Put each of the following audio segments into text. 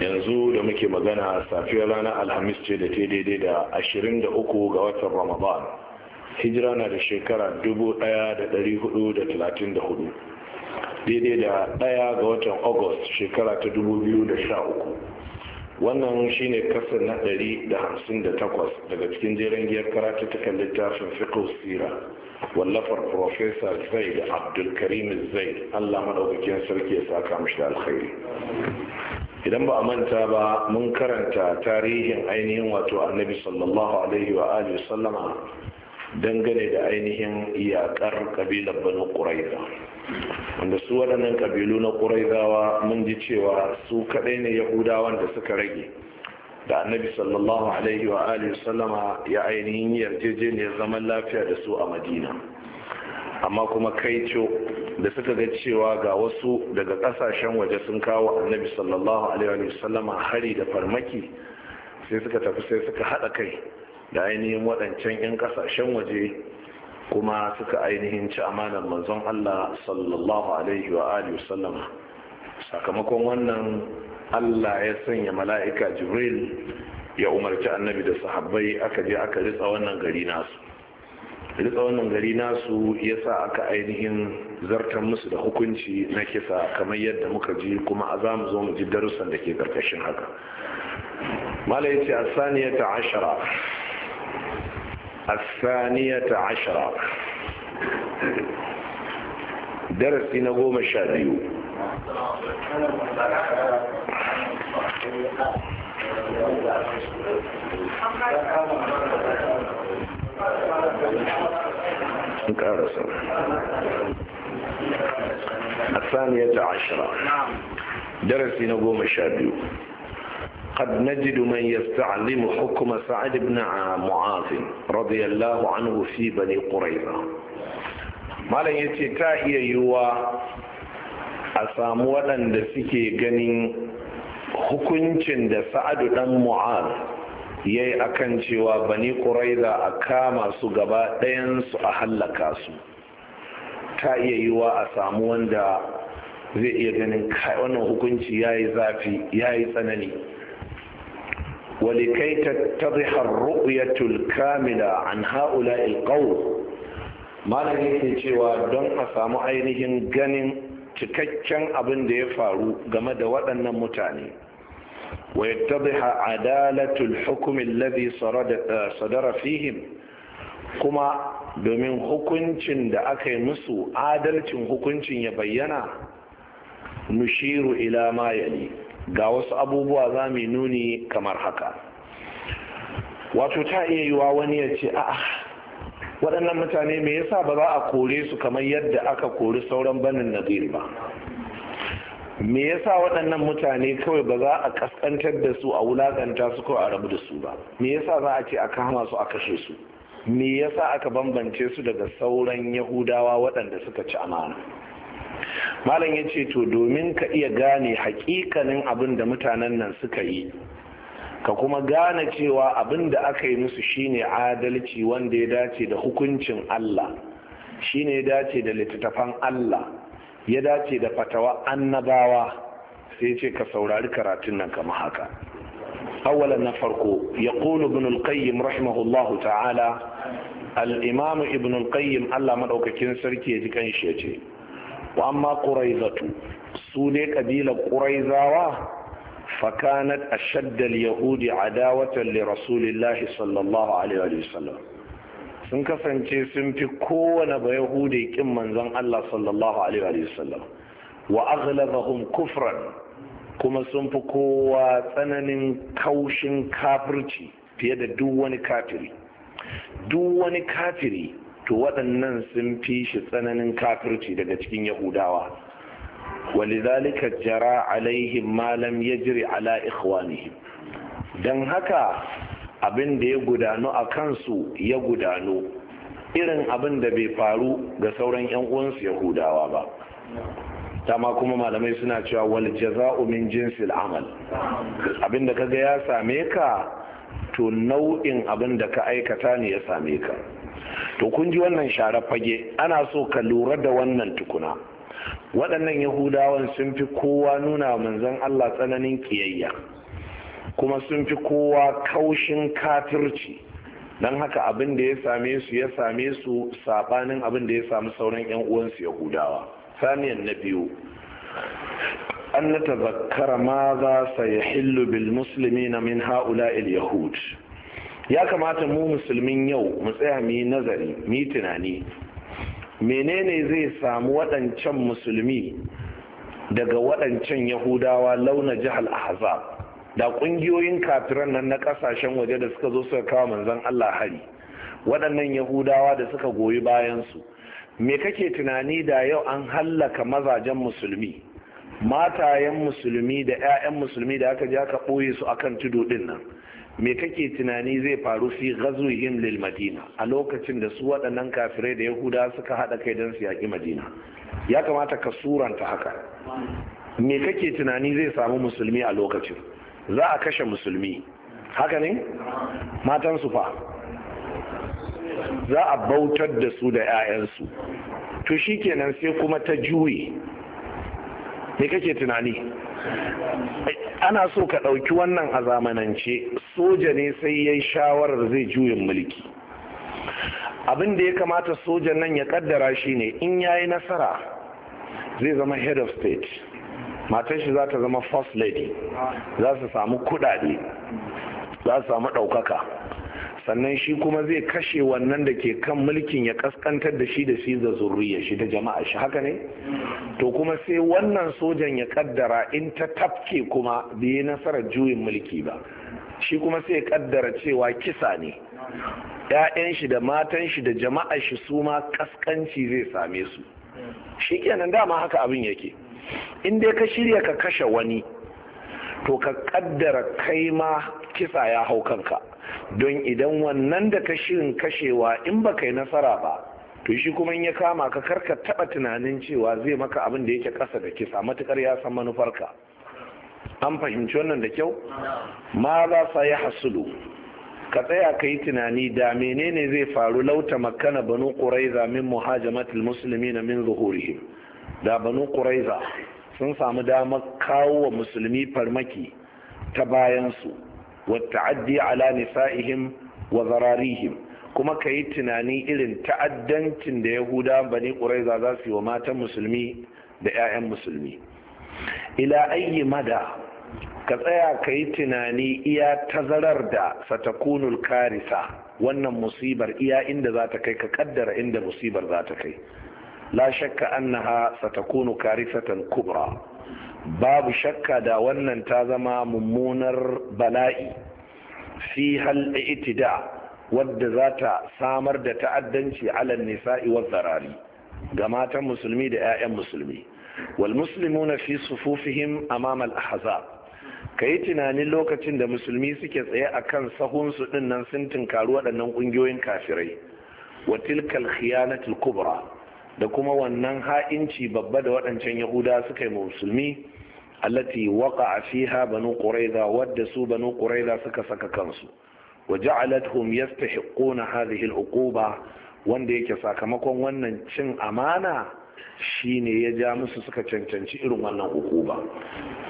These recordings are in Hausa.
yanzu da muke magana safiyar ranar alhamis ce da ta daidai da 23 ga watan ramadan hijira na da shekara 1434 daidai da ɗaya ga watan august shekara ta 2013 wannan shine kasar na 158 daga cikin jeren giyar kan littafin fiqh sira wallafar profesa zaid abdulkarim zai allah maɗaukakin sarki ya saka mashi da alkhairi idan ba a manta ba mun karanta tarihin ainihin wato annabi sallallahu alaihi wa alihi sallama dangane da ainihin iyakar kabilar banu ƙuraiza wanda su waɗannan kabilu na ƙuraizawa mun ji cewa su kaɗai ne yahudawan da suka rage da annabi sallallahu alaihi wa alihi sallama ya ainihin yarjejeniyar zaman lafiya da su a madina amma kuma kaico da suka ga cewa ga wasu daga kasashen waje sun kawo annabi sallallahu alaihi wasallama hari da farmaki sai suka tafi sai suka hada kai da ainihin waɗancan 'yan kasashen waje kuma suka ainihin ci amanar manzon Allah sallallahu alaihi wa alihi sakamakon wannan Allah ya sanya mala'ika Jibril ya umarci annabi da sahabbai aka je aka ritsa wannan gari nasu rika wannan gari nasu ya sa aka ainihin zartan musu da hukunci na kisa kamar yadda muka ji kuma a za mu zo mu ji darussan da ke karkashin haka mala ya ce a ashara a ashara darasi na goma sha biyu الثانية عشرة درسي نقوم الشابيو قد نجد من يستعلم حكم سعد بن معاذ رضي الله عنه في بني قريظة ما لن ce ta iya yiwuwa a samu waɗanda suke ganin hukuncin da sa'adu ɗan mu'az yayi akan cewa bani quraiza a kama su gaba ɗayan su a hallaka su ta iya yiwa a samu wanda zai iya ganin wannan hukunci yayi zafi yayi tsanani ta تتضح kamila الكاملة An-Ha'ula القوم ما نجيكي cewa don a samu ainihin ganin cikakken abin da ya faru game da waɗannan mutane ويتضح عدالة الحكم الذي صدر فيهم كما domin hukuncin da aka yi musu adalcin hukuncin ya bayyana nushiru ila ma ga wasu abubuwa za mu nuni kamar haka wato ta iya yiwa wani ya ce a'a waɗannan mutane me yasa ba za a kore su kamar yadda aka kori sauran banin nazir ba me yasa waɗannan mutane kawai ba za a kaskantar da su a wulaƙanta su ko a rabu da su ba me yasa za a ce a kama su a kashe su me yasa aka bambance su daga sauran yahudawa waɗanda suka ci amana malam ya ce to domin ka iya gane haƙiƙanin abin da mutanen nan suka yi ka kuma gane cewa abin da aka yi musu shine adalci wanda ya dace da hukuncin Allah shine ya dace da littattafan Allah ya dace da fatawa annabawa sai ce ka saurari karatun nan kamar haka awalan na farko ya ƙulu ibn al-qayyim rahimahullahu ta'ala al-imamu ibn al-qayyim Allah madaukakin sarki ya ji kanshi ya ce wa amma quraizatu su ne kabila quraizawa fakanat ashaddal yahudi adawatan li rasulillahi sallallahu alaihi wa sallam sun kasance sun fi kowane ba yahude kin manzon Allah sallallahu alaihi wa sallam wa aghlabahum kufran kuma sun fi kowa tsananin kaushin kafirci fiye da duk wani kafiri duk wani kafiri to waɗannan sun fi shi tsananin kafirci daga cikin yahudawa walidhalika jara alaihim ma lam yajri ala ikhwanihim dan haka abin da ya gudanu a kansu ya gudanu irin abin da bai faru ga sauran 'yan uwansu yahudawa ba tama kuma malamai suna cewa wal jaza'u min jinsil amal abin da kaga ya same ka to nau'in abin da ka aikata ne ya same ka to kun ji wannan share fage ana so ka lura da wannan tukuna waɗannan yahudawan sun fi kowa nuna manzon Allah tsananin kiyayya kuma sun fi kowa kaushin kafirci don haka abin da ya same su ya same su sabanin abin da ya sami sauran yan uwansu yahudawa saniyan na biyu an na tazakkara ma za sa ya hillu bil musulmi na min ha'ula il yahud ya kamata mu musulmin yau mu tsaya mu yi nazari mu tunani menene zai samu waɗancan musulmi daga waɗancan yahudawa launa jihar ahzab da kungiyoyin kafiran nan na kasashen waje da suka zo suka kawo manzon Allah hari waɗannan yahudawa da suka goyi bayan su me kake tunani da yau an hallaka mazajen musulmi matayen musulmi da 'ya'yan musulmi da aka ja ka ɓoye su akan tudu ɗin nan me kake tunani zai faru fi ghazwihim lil madina a lokacin da su waɗannan kafirai da yahuda suka haɗa kai don su yaki madina ya kamata ka suranta haka me kake tunani zai samu musulmi a lokacin za a kashe musulmi haka ne matan fa za a bautar da su da 'ya'yansu to kenan sai kuma ta juye me kake tunani ana so ka ɗauki wannan a zamanance soja ne sai ya yi shawarar zai juyin mulki abin da ya kamata sojan nan ya kaddara shi ne in ya yi nasara zai zama head of state matar shi za ta zama first lady za su samu kudade za su samu ɗaukaka sannan shi kuma zai kashe wannan da ke kan mulkin ya kaskantar da shi da shi da zurriya shi da jama'a shi haka ne to kuma sai wannan sojan ya kaddara in ta tafke kuma bai yi nasarar juyin mulki ba shi kuma sai ya kaddara cewa kisa ne ‘ya'yan shi da matan shi da jama'a shi su ma kaskanci zai same su shi kenan dama haka abin yake in dai ka shirya ka kashe wani to ka kaddara kai ma kisa ya hau kanka don idan wannan da ka shirin kashewa in ba yi nasara ba to shi kuma in ya kama ka karka taba tunanin cewa zai maka abin da yake kasa da kisa matukar ya san manufarka an fahimci wannan da kyau ma za sa ya hasulu ka tsaya ka yi tunani da menene zai faru lauta makana banu quraiza min muhajamatil muslimina min zuhurihim da banu ƙuraiza sun samu damar kawo wa musulmi farmaki ta bayansu wa ta'addi ala nisa'ihim wa zararihim kuma ka yi tunani irin ta'addancin da yahuda bani ƙuraiza za su yi wa matan musulmi da 'ya'yan musulmi ila ayyi mada ka tsaya ka yi tunani iya tazarar da satakunul karisa wannan musibar iya inda za ta kai ka kaddara inda musibar za ta kai la shakka annaha satakunu karifatan kubra babu shakka da wannan ta zama mummunar bala'i fi hal itida wadda za ta samar da ta'addanci alal nisa'i wa zarari ga matan musulmi da 'ya'yan musulmi wal na fi sufufihim amama al ahzab kai tunanin lokacin da musulmi suke tsaye akan sahun su dinnan sun tinkari waɗannan ƙungiyoyin kafirai wa tilkal khiyanatul kubra da kuma wannan ha'inci babba da waɗancan yahuda suka yi musulmi allati waqa fiha banu quraiza wadda su banu quraiza suka saka kansu wa ja'alathum yastahiquna hadhihi al'uquba wanda yake sakamakon wannan cin amana shine ya ja musu suka cancanci irin wannan uquba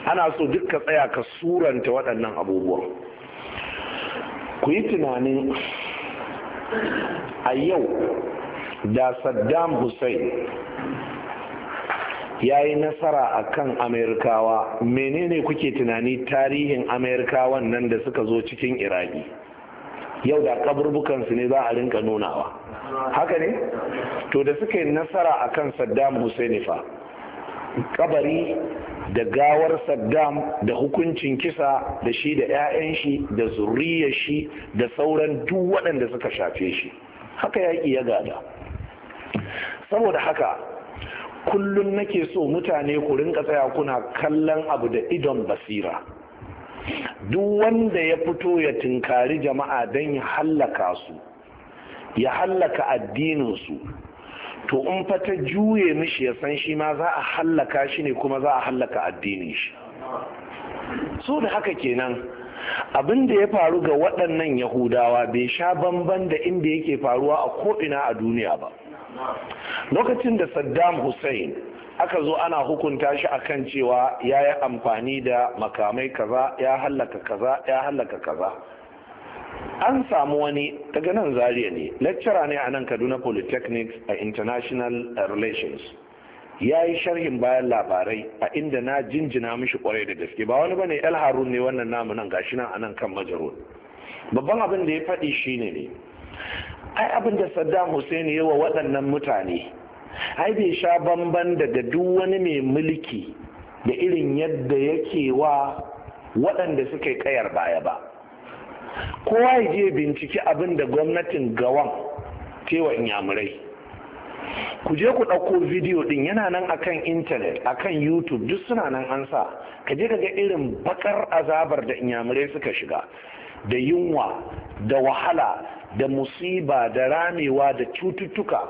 ana so ka tsaya ka suranta waɗannan abubuwan ku yi tunanin a yau da saddam hussein ya yi nasara a kan amerikawa menene kuke tunani tarihin amerikawan nan da suka zo cikin iraki yau da kaburbukansu ne za a rinka nunawa haka ne to da suka yi nasara a kan saddam hussein fa kabari da gawar saddam da hukuncin kisa da shi da 'ya'yan shi da zuriyar shi da sauran duk waɗanda suka shafe shi haka yaƙi ya gada saboda haka kullum nake so mutane ku rinka tsaya kuna kallon abu da idon basira duk wanda ya fito ya tinkari jama'a don ya hallaka su ya hallaka addininsu to in fata juye mishi ya san shi ma za a hallaka shi ne kuma za a hallaka addinin shi so da haka kenan abin da ya faru ga waɗannan yahudawa bai sha bamban da inda yake faruwa a ko'ina a duniya ba lokacin da saddam hussein aka zo ana hukunta shi a kan cewa ya yi amfani da makamai kaza ya hallaka kaza ya hallaka kaza an samu wani daga nan zariya ne lecturer ne a nan kaduna polytechnics a international relations ya yi sharhin bayan labarai a inda na jinjina mishi kwarai da gaske ba wani bane el harun ne wannan namu nan gashi nan a nan kan majarun babban abin da ya faɗi shine ne ai abin da saddam hussein ya wa waɗannan mutane ai bai sha bamban daga duk wani mai mulki da irin yadda yake wa waɗanda suka yi kayar baya ba kowa ya je binciki abin da gwamnatin gawan cewa inyamurai ku je ku ɗauko bidiyo ɗin yana nan akan intanet akan youtube duk suna nan an sa ka je ka ga irin bakar azabar da inyamurai suka shiga da yunwa da wahala da musiba da ramewa da cututtuka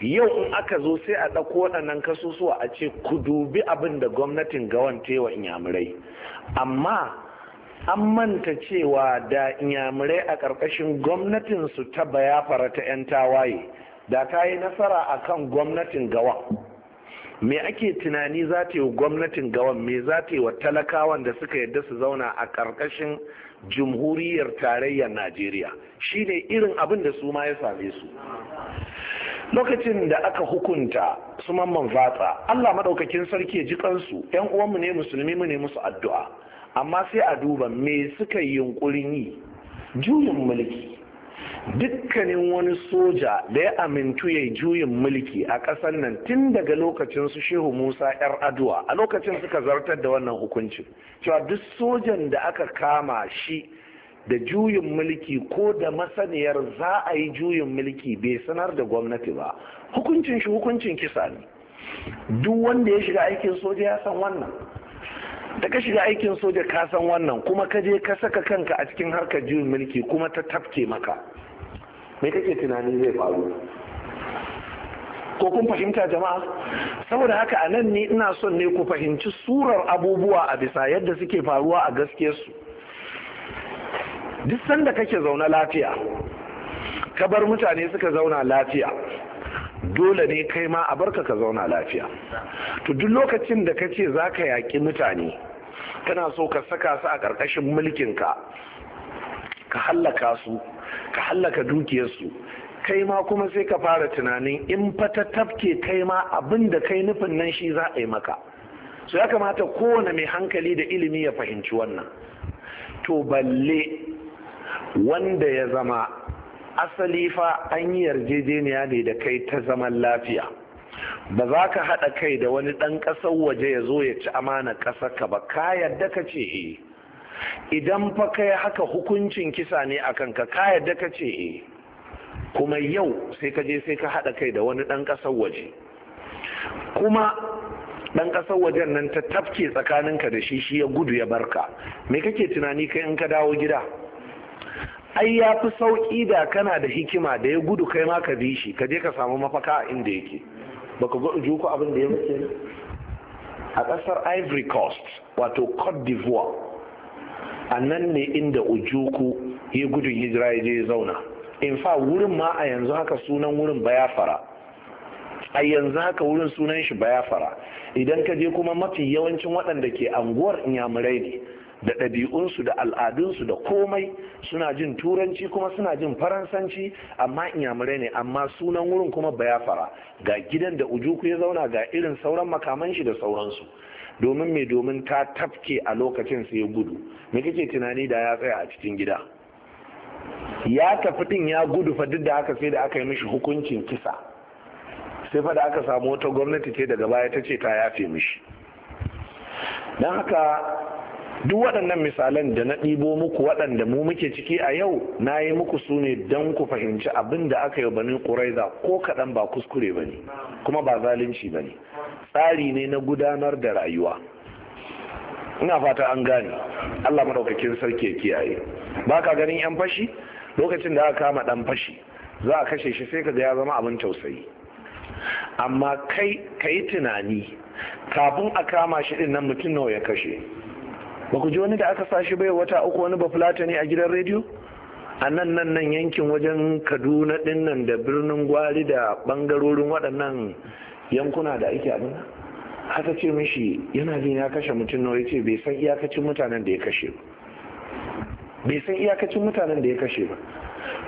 yau in aka zo sai a ɗauko waɗannan kasusuwa a ce ku dubi abin da gwamnatin gawan wa inyamurai amma an manta cewa da inyamurai a ƙarƙashin gwamnatinsu ta bayafara ta 'yan tawaye da ta yi nasara a kan gwamnatin gawan me ake tunani za ta yi gwamnatin gawan me za ta yi wa talakawan da suka yadda su zauna a ƙarƙashin Jamhuriyar tarayyar najeriya shine irin abin da su ma ya same su lokacin da aka hukunta su mamman fatsa allah maɗaukakin sarki ya ji kansu yan uwanmu ne musulmi mu ne musu addu'a amma sai a duba me suka yi yunkurin yi juyin mulki dukkanin wani soja da ya amintu ya juyin mulki a ƙasar nan tun daga lokacin su shehu musa yar aduwa a lokacin suka zartar da wannan hukuncin cewa duk sojan da aka kama shi da juyin mulki ko da masaniyar za a yi juyin mulki bai sanar da gwamnati ba hukuncin shi hukuncin kisa ne duk wanda ya shiga aikin soja ya san wannan da ka shiga aikin soja ka san wannan kuma ka je ka saka kanka a cikin harkar juyin mulki kuma ta tafke maka me kake tunani zai faru ko kun fahimta jama'a saboda haka a nan ne ina son ne ku fahimci surar abubuwa a bisa yadda suke faruwa a gaske su duk sanda kake zaune lafiya ka bar mutane suka zauna lafiya dole ne kai ma a barka ka zauna lafiya to duk lokacin da ka ce za ka yaƙi mutane kana so ka saka su a ƙarƙashin mulkinka ka hallaka su ka hallaka dukiyarsu kai ma kuma sai ka fara tunanin in fata tafke kai ma abin da kai nufin nan shi za a yi maka su ya kamata kowane mai hankali da ilimi ya fahimci wannan to balle wanda ya zama asali fa an yi yarjejeniya ne da kai ta zaman lafiya ba za ka haɗa kai da wani ɗan ƙasar waje ya zo ya ci amana ƙasar ka ba ka yadda ka ce e idan fa kai haka hukuncin kisa ne a kanka ka yadda ka ce e kuma yau sai ka je sai ka haɗa kai da wani ɗan ƙasar waje kuma ɗan ƙasar wajen nan ta tafke tsakaninka da shi shi ya gudu ya barka me kake tunani kai in ka dawo gida ai ya fi sauƙi da kana da hikima da ya gudu kai ma ka bi shi ka je ka samu mafaka a inda yake baka ga juku abin da ya mace a ƙasar ivory coast wato cote d'ivoire a nan ne inda ujuku ya gudu hijira ya je zauna in fa wurin ma a yanzu haka sunan wurin fara a yanzu haka wurin sunan shi bayafara idan ka je kuma mafi yawancin waɗanda ke anguwar inyamurai ne da ɗabi'unsu da al'adunsu da komai suna jin turanci kuma suna jin faransanci amma inyamurai ne amma sunan wurin kuma bayafara ga gidan da ujuku ya zauna ga irin sauran makaman shi da sauransu domin mai domin ta tafke a lokacin sai ya gudu me kake tunani da ya tsaya a cikin gida ya tafi din ya gudu fa duk da haka sai da aka yi mishi hukuncin kisa sai fa da aka samu wata gwamnati ce daga baya ta ce ta yafe mishi don haka duk waɗannan misalan da na ɗibo muku waɗanda mu muke ciki a yau na yi muku su ne don ku fahimci abin da aka yi banin ƙuraiza ko kaɗan ba kuskure ba ne kuma ba zalunci ba ne tsari ne na gudanar da rayuwa ina fata an gane allah maɗaukakin sarki ya kiyaye ba ka ganin yan fashi lokacin da aka kama ɗan fashi za a kashe shi sai ka ga ya zama abin tausayi amma kai ka yi tunani kafin a kama shi ɗin nan mutum nawa ya kashe ba ku ji wani da aka sashi bai wata uku wani ba ne a gidan rediyo a nan nan nan yankin wajen kaduna din nan da birnin gwari da bangarorin waɗannan yankuna da ake abin aka ce mishi yana jin ya kashe mutum nawa ya ce bai san iyakacin mutanen da ya kashe ba bai san iyakacin mutanen da ya kashe ba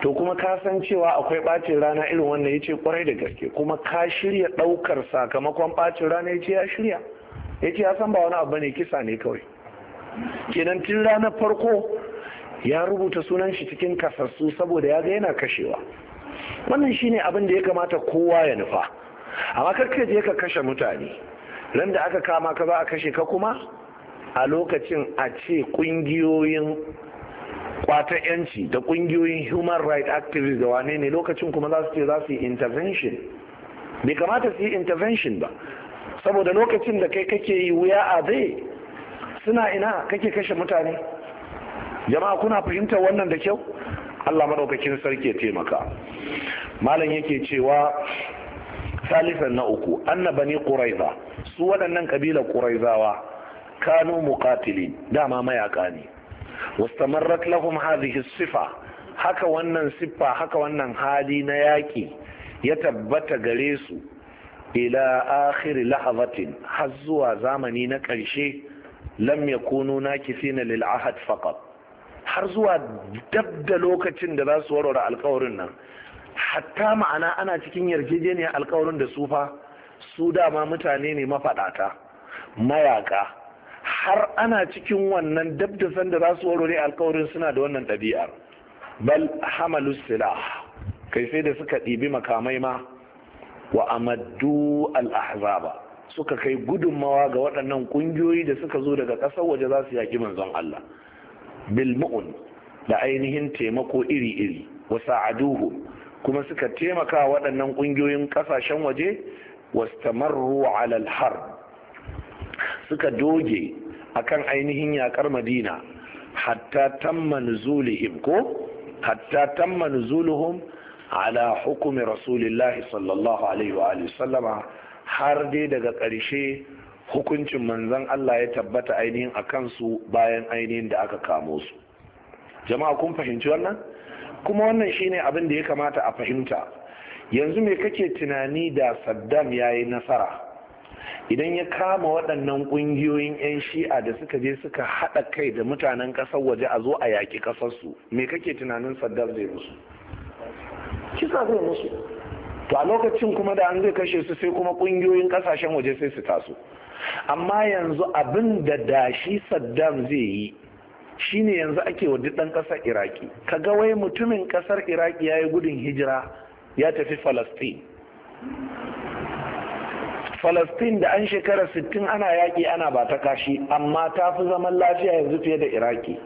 to kuma ka san cewa akwai ɓacin rana irin wannan ya ce kwarai da gaske kuma ka shirya ɗaukar sakamakon ɓacin rana ya ce ya shirya ya ce ya san ba wani abu ne kisa ne kawai kenan tun ranar farko ya rubuta sunan shi cikin kasassu saboda ya ga yana kashewa wannan shine abin da ya kamata kowa ya nufa amma kakka je ka kashe mutane ran da aka kama ka za a kashe ka kuma a lokacin a ce kungiyoyin kwata yanci da kungiyoyin human rights activists da wane ne lokacin kuma za su ce za su yi intervention bai kamata su yi intervention ba saboda lokacin da kai kake yi wuya a zai suna ina kake kashe mutane jama'a kuna fahimtar wannan da kyau Allah maɗaukakin sarki ya taimaka malam yake cewa salisan na uku Annaba ne ƙuraiza su waɗannan kabilar ƙuraizawa kanu muqatilin dama mayaka ne wastamarrat lahum hadhihi sifa haka wannan siffa haka wannan hali na yaki ya tabbata gare su ila akhir lahazatin har zuwa zamani na ƙarshe lam yakunu nakifina lil ahad faqat har zuwa dabda lokacin da za su warware alkawarin nan hatta ma'ana ana cikin yarjejeniyar alkawarin da su fa su dama mutane ne mafaɗata mayaka har ana cikin wannan dab da sanda za su warware alkawarin suna da wannan ɗabi'ar bal hamalu silah kai sai da suka ɗibi makamai ma wa amaddu al-ahzaba suka kai gudunmawa ga waɗannan ƙungiyoyi da suka zo daga ƙasar waje za su yaƙi manzon Allah bilmu'un da ainihin taimako iri-iri wasa aduhu kuma suka taimaka waɗannan ƙungiyoyin ƙasashen waje wastamarru alal har suka doge akan ainihin yaƙar madina hatta tamma nuzulihim ko hatta tamma nuzuluhum ala hukumin rasulillahi sallallahu alaihi wa sallama har dai daga ƙarshe hukuncin manzan Allah ya tabbata ainihin a kansu bayan ainihin da aka kamo su jama'a kun fahimci wannan kuma wannan shine abin da ya kamata a fahimta yanzu me kake tunani da saddam ya yi nasara idan ya kama waɗannan ƙungiyoyin 'yan shi'a da suka je suka haɗa kai da mutanen ƙasar waje a zo a yaƙi ƙasarsu me kake tunanin saddam zai musu kisa zai musu to a lokacin kuma da an zai kashe su sai kuma kungiyoyin kasashen waje sai su taso amma yanzu abin da dashi saddam zai yi shine yanzu ake wa dan ɗan ƙasar iraki kaga wai mutumin ƙasar iraki ya yi gudun hijira ya tafi falastin falastin da an shekara 60 ana yaƙi ana ba ta kashi amma ta fi zaman lafiya yanzu fiye da iraki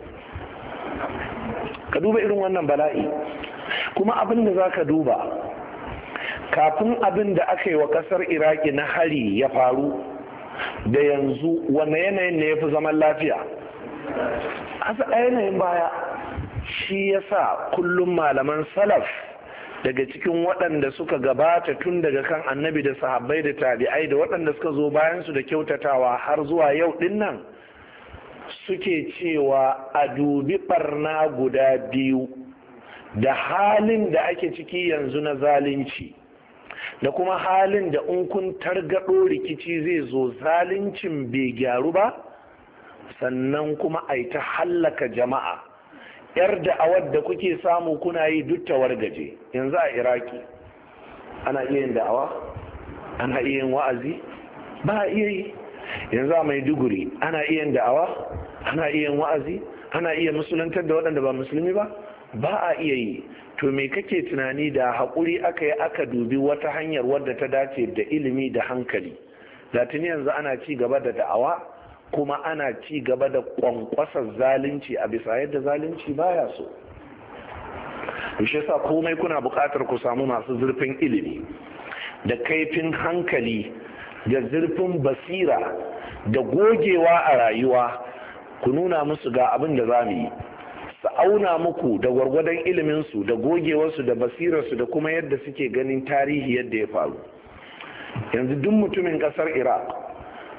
ka duba irin wannan bala'i kuma abin da za ka duba kafin abin da aka yi wa kasar iraki na hari ya faru da yanzu wanne yanayin ne ya fi zaman lafiya a yanayin baya shi ya sa kullum malaman salaf daga cikin waɗanda suka gabata tun daga kan annabi da sahabbai da tabi'ai da waɗanda suka zo bayansu da kyautatawa har zuwa yau ɗin nan suke cewa a dubi ɓarna guda biyu da halin da ake ciki yanzu na zalunci da kuma halin da in kun targaɗo rikici zai zo zaluncin bai gyaru ba sannan kuma a ta hallaka jama'a yar da awar da kuke samu kuna yi duk gaje. yanzu a iraki ana iya yin da'awa ana iya yin wa'azi ba a iya yi yanzu a maiduguri ana iya yin da'awa ana iya yin wa'azi ana iya musulantar da waɗanda ba musulmi ba ba a iya yi to me kake tunani da haƙuri aka yi aka dubi wata hanyar wadda ta dace da ilimi da hankali da tuni yanzu ana ci gaba da da'awa kuma ana ci gaba da kwankwasar zalunci a bisa yadda zalunci baya so shi sa komai kuna buƙatar ku samu masu zurfin ilimi da kaifin hankali da zurfin basira da gogewa a rayuwa ku nuna musu ga abin da za mu yi auna muku da gwargwadon iliminsu da gogewarsu da basirarsu da kuma yadda suke ganin tarihi yadda ya faru yanzu duk mutumin kasar iraq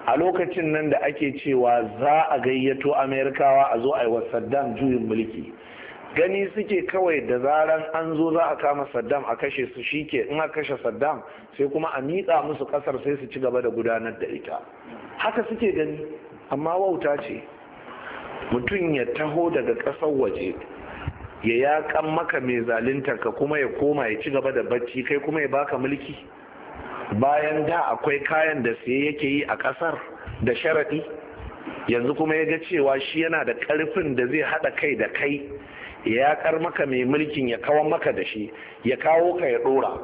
a lokacin nan da ake cewa za a gayyato amerikawa a zo a yi wa saddam juyin mulki gani suke kawai da zaran an zo za a kama saddam a kashe su shike in a kashe saddam sai kuma a miƙa musu ƙasar sai su ci gaba da gudanar da ita haka suke gani amma wauta ce mutum ya taho daga ƙasar waje ya yaƙan maka mai zaluntar ka kuma ya koma ya ci gaba da bacci kai kuma ya baka mulki bayan da akwai kayan da sai yake yi a ƙasar da sharaɗi yanzu kuma ya ga cewa shi yana da ƙarfin da zai haɗa kai da kai ya yaƙar maka mai mulkin ya kawan maka da shi ya kawo ka ya ɗora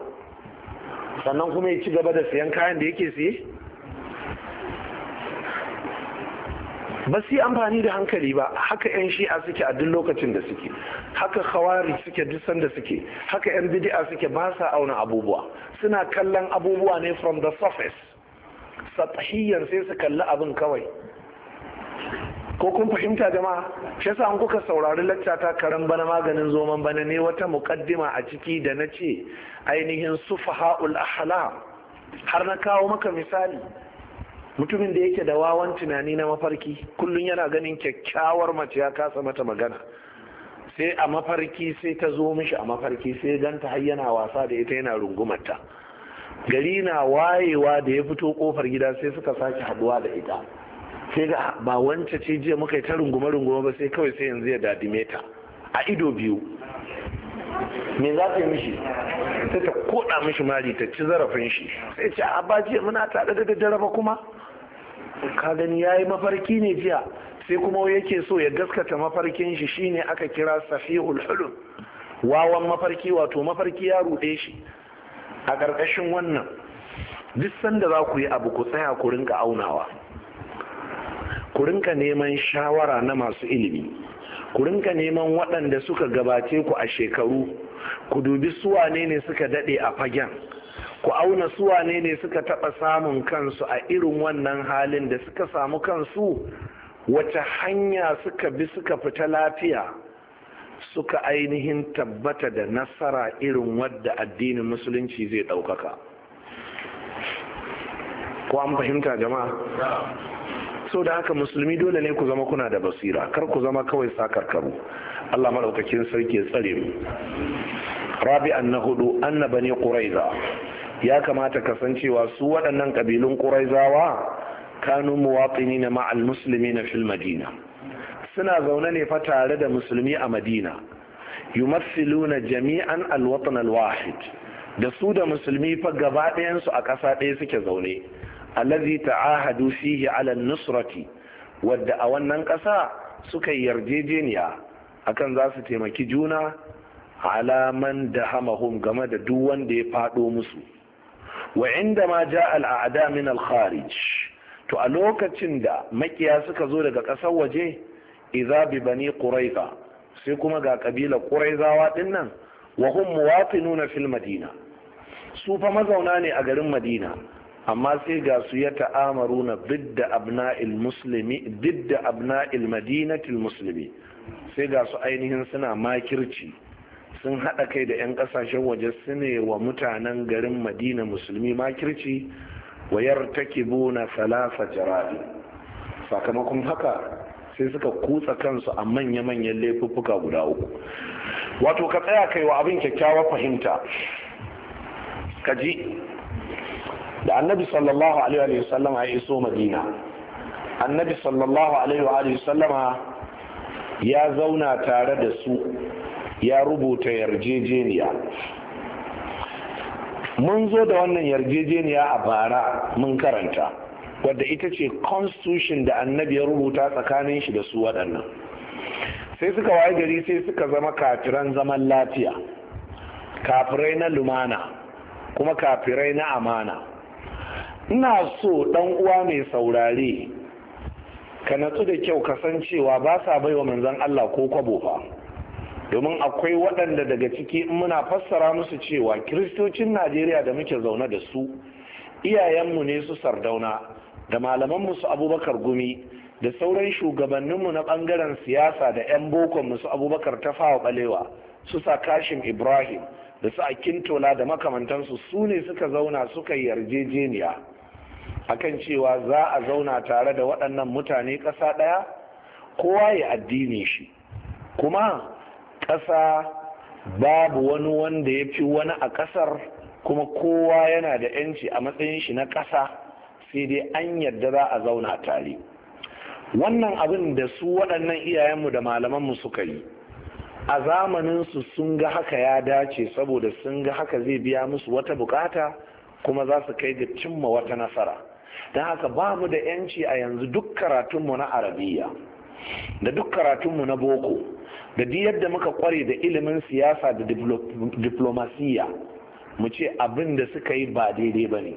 sannan kuma ya ci gaba da siyan kayan da yake siye ba su yi amfani da hankali ba haka 'yan shi'a suke a duk lokacin da suke haka khawari suke duk sanda suke haka 'yan bidi'a suke ba sa auna abubuwa suna kallon abubuwa ne from the surface satahiyyan sai su kalli abin kawai ko kun fahimta gama, shi yasa an kuka saurari lacca ta karan bana maganin zoman bana ne wata mukaddima a ciki da na ce ainihin sufaha'ul ahlam har na kawo maka misali mutumin da yake da wawan tunani na mafarki kullum yana ganin kyakkyawar mace ya kasa mata magana sai a mafarki sai ta zo mishi a mafarki sai ganta har yana wasa da ita yana rungumarta gari na wayewa da ya fito kofar gida sai suka sake haduwa da ita sai ga ah, ba wance ce jiya muka yi ta rungume rungume ba sai kawai sai yanzu ya dadime ta a ido biyu me za ta yi mishi sai ta koda mishi mari ta ci zarafin shi sai ce a ba jiya muna tare da daddare ba kuma ka gani ya yi mafarki ne jiya sai kuma yake so ya gaskata mafarkin shi shine aka kira safihul hulun wawan mafarki wato mafarki ya ruɗe shi a ƙarƙashin wannan duk sanda za ku yi abu ku tsaya ku rinka aunawa ku rinka neman shawara na masu ilimi ku rinka neman waɗanda suka gabace ku a shekaru ku dubi suwa ne suka daɗe a fagen ku auna su ne suka taɓa samun kansu a irin wannan halin da suka samu kansu wata hanya suka bi suka fita lafiya suka ainihin tabbata da nasara irin wadda addinin musulunci zai ɗaukaka ko an fahimta jama'a so da haka musulmi dole ne ku zama kuna da basira kar ku zama kawai sakarkaru Allah madaukakin sarki ya tsare mu rabi'an na hudu anna bani quraiza ya kamata kasancewa su waɗannan kabilun quraizawa kanu na ma'al muslimina fil madina suna zaune ne fa tare da musulmi a madina yumassiluna jami'an alwatan alwahid da su da musulmi fa gaba ɗayansu a ƙasa ɗaya suke zaune allazi ta'ahadu fihi ala nusrati wadda a wannan ƙasa suka yarjejeniya akan za su taimaki juna alaman da hamahum game da duk wanda ya faɗo musu wa inda ma ja al'ada min al-kharij to a lokacin da makiya suka zo daga ƙasar waje idza bi bani quraiza sai kuma ga kabila quraizawa din nan wa hum muwatinuna fil madina su fa mazauna ne a garin madina amma sai ga su ya ta'amaru na bidda abna'il muslimi bidda madinatil musulmi sai ga su ainihin suna makirci sun haɗa kai da 'yan kasashen waje su ne wa mutanen garin madina musulmi makirci wayar takibu buna salasa jara'i sakamakon haka sai suka kutsa kansu a manya-manyan laifuffuka guda uku wato ka tsaya kai wa abin kyakkyawar fahimta ka ji da annabi sallallahu alaihi wa sallama ya iso madina annabi sallallahu alaihi wa sallama ya zauna tare da su ya rubuta yarjejeniya mun zo da wannan yarjejeniya a bara mun karanta wadda ita ce constitution da annabi ya rubuta tsakanin shi da su waɗannan sai suka waye gari sai suka zama kafiran zaman lafiya kafirai na lumana kuma kafirai na amana ina so dan uwa mai saurare ka natsu da kyau kasancewa ba sa baiwa manzon Allah ko kwabo ba domin akwai waɗanda daga ciki in muna fassara musu cewa kiristocin najeriya da muke zaune da su iyayenmu ne su sardauna da malamanmu su abubakar gumi da sauran shugabanninmu na ɓangaren siyasa da 'yan bokonmu su abubakar tafawa balewa su sa kashim ibrahim da su akintola da makamantansu su ne suka zauna suka yarjejeniya akan cewa za a zauna tare da waɗannan mutane ƙasa ɗaya kowa ya addini shi kuma ƙasa babu wani wanda ya fi wani a ƙasar kuma kowa yana da 'yanci a matsayin shi na ƙasa sai dai an yarda za a zauna tare wannan abin da su waɗannan iyayenmu da malamanmu suka yi a zamaninsu sun ga haka ya dace saboda sun ga haka zai biya musu wata bukata kuma za su kai ga cimma wata nasara don haka ba mu da yanci a yanzu duk karatunmu na arabiya da duk karatunmu na boko da duk yadda muka kware da ilimin siyasa da diplomasiya mu ce abin da suka yi ba daidai ba ne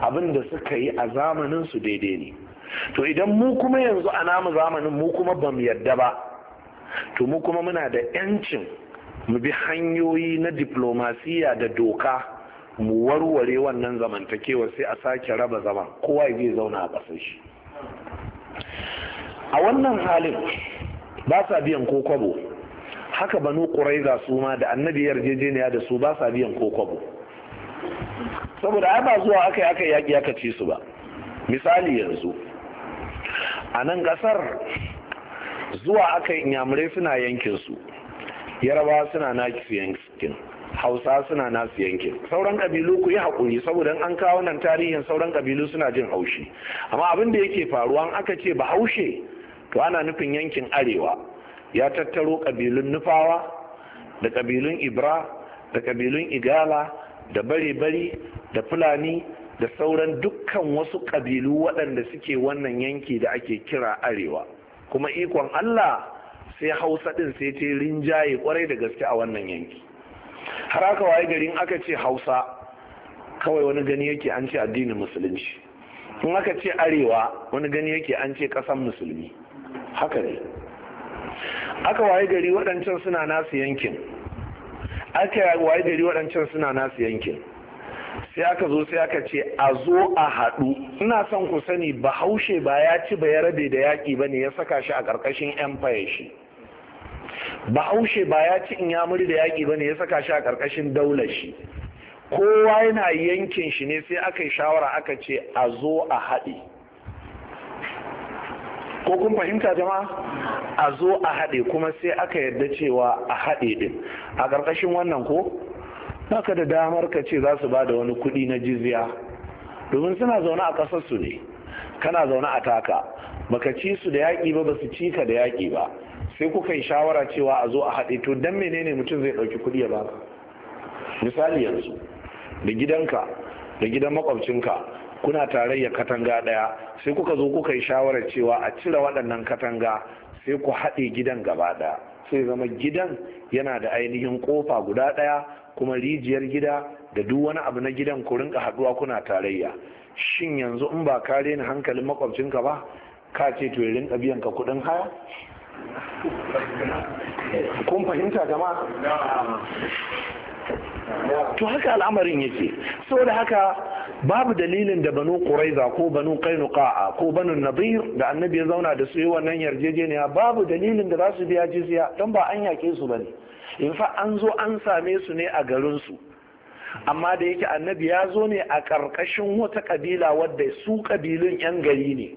abin da suka yi a zamaninsu daidai ne to idan mu kuma yanzu a namu zamanin mu kuma ba mu yadda ba to mu kuma muna da yancin mu bi hanyoyi na diplomasiya da doka mu warware wannan zamantakewa sai a sake raba zama kowa zai zauna a ƙasar shi a wannan halin ba sa biyan ko kwabo haka banu ƙuraiza su ma da annabi yarjejeniya da su ba sa biyan ko kwabo saboda ai ba zuwa aka yi aka yaƙi aka ci su ba misali yanzu a nan ƙasar zuwa aka yi inyamurai suna yankin su yarabawa suna naki su yankin hausa suna nasu yankin sauran kabilu ku yi haƙuri saboda an kawo wannan tarihin sauran kabilu suna jin haushi amma abin da yake faruwa aka ce ba haushe to ana nufin yankin arewa ya tattaro kabilun nufawa da kabilun ibra da kabilun igala da bare-bari da fulani da sauran dukkan wasu kabilu waɗanda suke wannan yanki da ake kira arewa kuma ikon allah sai hausa ɗin sai ta rinjaye kwarai da gaske a wannan yanki har aka waye garin aka ce hausa kawai wani gani yake an ce addinin musulunci in aka ce arewa wani gani yake an ce kasan musulmi haka ne aka waye gari waɗancan suna nasu yankin aka waye gari waɗancan suna nasu yankin sai aka zo sai aka ce a zo a haɗu ina son ku sani bahaushe ba ya ci ba ya rabe da yaƙi ba ne ya saka shi a ƙarƙashin empire shi bahaushe ba ya ci in ya muri da yaƙi ba ne ya saka shi a ƙarƙashin daular shi kowa yana yankin shi ne sai aka yi shawara aka ce a zo a haɗe ko kun fahimta jama'a a zo a haɗe kuma sai aka yarda cewa a haɗe ɗin a ƙarƙashin wannan ko naka da damar ka ce za su ba da wani kuɗi na jizya domin suna zaune a ƙasarsu ne kana zaune a taka baka ci su da yaƙi ba ba su ci ka da yaƙi ba sai kuka yi shawara cewa a zo a haɗe to don menene mutum zai ɗauki kuɗi ya baka misali yanzu da gidanka da gidan makwabcinka kuna tarayya katanga ɗaya sai kuka zo kuka yi shawarar cewa a cire waɗannan katanga sai ku haɗe gidan gaba ɗaya sai zama gidan yana da ainihin ƙofa guda ɗaya kuma rijiyar gida da duk wani abu na gidan ku rinka haɗuwa kuna tarayya shin yanzu in ba ka rena hankalin makwabcinka ba ka ce to ya rinka biyan ka kuɗin haya kun fahimta jama'a to haka al'amarin yake saboda haka babu dalilin da banu quraiza ko banu qainuqa ko banu nadir da annabi ya zauna da su yi wannan yarjejeniya babu dalilin da za su biya jiziya, don ba an yake su bane in fa an zo an same su ne a garin su amma da yake annabi ya zo ne a ƙarƙashin wata ƙabila wadda su ƙabilun 'yan gari ne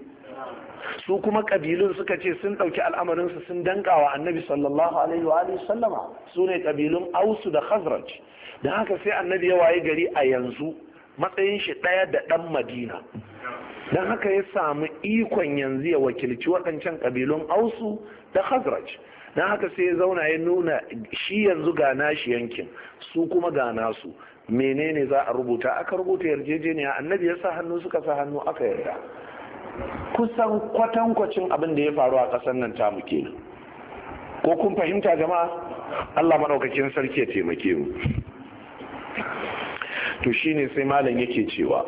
su kuma kabilun suka ce sun ɗauki al'amarinsu sun dankawa annabi sallallahu alaihi wa sallama su ne kabilun ausu da khazraj dan haka sai annabi ya waye gari a yanzu matsayin shi ɗaya da ɗan madina dan haka ya samu ikon yanzu ya wakilci waɗancan kabilun ausu da khazraj don haka sai ya zauna ya nuna shi yanzu ga nashi yankin su kuma ga nasu menene za a rubuta aka rubuta yarjejeniya annabi ya sa hannu suka sa hannu aka yarda kusan kwatankwacin abin da ya faru a ƙasar nan ta muke? ko kun fahimta jama'a Allah maɗaukakin sarki ya taimake mu to shine sai malam yake cewa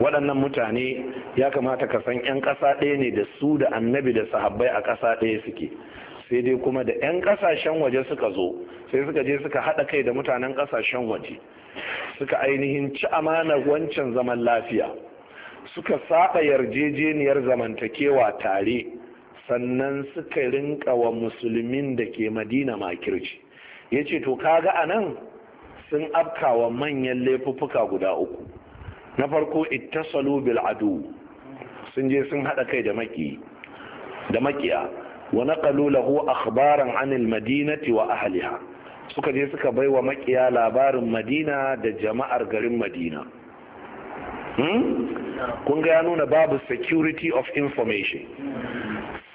waɗannan mutane ya kamata ka san 'yan ƙasa ɗaya ne da su da annabi da sahabbai a ƙasa ɗaya suke sai dai kuma da 'yan ƙasashen waje suka zo sai suka je suka haɗa kai da mutanen ƙasashen waje suka ainihin ci amanar wancan zaman lafiya suka saba yarjejeniyar zamantakewa tare sannan suka rinka wa musulmin da ke madina makirci ya ce to kaga a nan sun afkawa manyan laifuffuka guda uku na farko ita bil adu sun je sun haɗa kai da maki da makiya wa naqalu lahu akhbaran anil madinati wa ahliha suka je suka baiwa makiya labarin madina da jama'ar garin madina Hmm? kun ga ya nuna babu security of information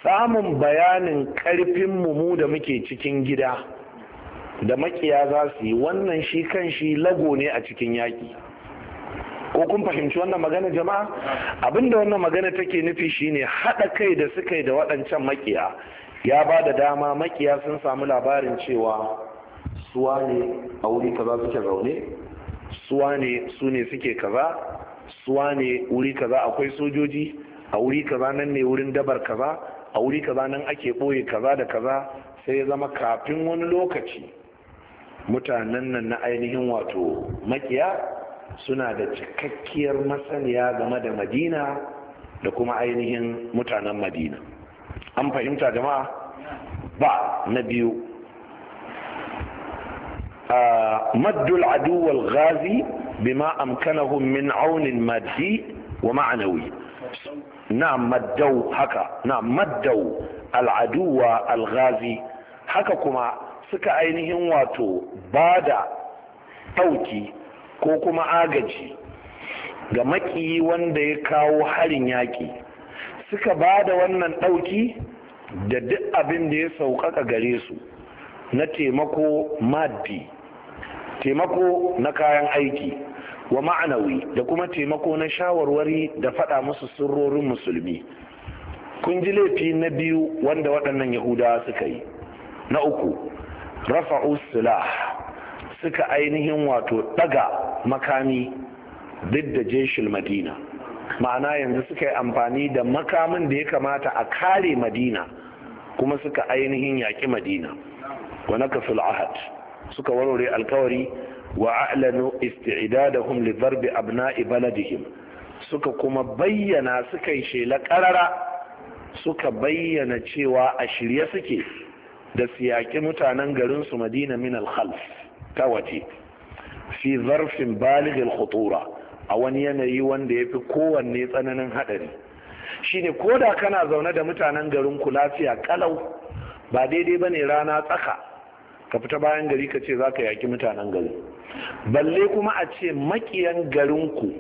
samun bayanin karfin mu da muke cikin gida da makiya za su yi wannan shi kan shi lago ne a cikin yaƙi ko kun fahimci wannan magana jama'a abinda wannan magana take nufi shine haɗa kai da suka yi da waɗancan makiya ya ba da dama makiya sun samu labarin cewa suwa ne a wuri kaza suke zaune suwa ne su ne suke kaza suwa ne wuri kaza akwai sojoji a wuri kaza nan ne wurin dabar kaza a wuri kaza nan ake ɓoye kaza da kaza sai ya zama kafin wani lokaci mutanen nan na ainihin wato makiya suna da cikakkiyar masaniya game da madina da kuma ainihin mutanen madina an fahimta jama'a ba na biyu maddul aduwal ghazi bima amkanahum min aunin maddi wa ma'anawi na maddau al'adu na maddau haka kuma suka ainihin wato ba da ɗauki ko kuma agaji ga makiyi wanda ya kawo harin yaƙi suka ba da wannan ɗauki da duk abin da ya sauƙaƙa gare su na taimako maddi taimako na kayan aiki wa ma'anawi da kuma taimako na shawarwari da faɗa musu sirrorin musulmi kun ji laifi na biyu wanda waɗannan yahudawa suka yi na uku rafa'u silah suka ainihin wato ɗaga makami duk da jeshil madina ma'ana yanzu suka yi amfani da makamin da ya kamata a kare madina kuma suka ainihin yaƙi madina wa nakasul ahad suka warware alkawari wa a'lanu isti'dadahum li darbi abna'i baladihim suka kuma bayyana suka yi shela karara suka bayyana cewa a shirye suke da siyaki mutanen garin su madina min al-khalf ta waje fi zarfin baligh al-khutura a wani yanayi wanda yafi kowanne tsananin hadari shine koda kana zaune da mutanen garin ku lafiya kalau ba daidai bane rana tsaka ka fita bayan gari ka ce za ka yaki mutanen gari balle kuma a ce makiyan garinku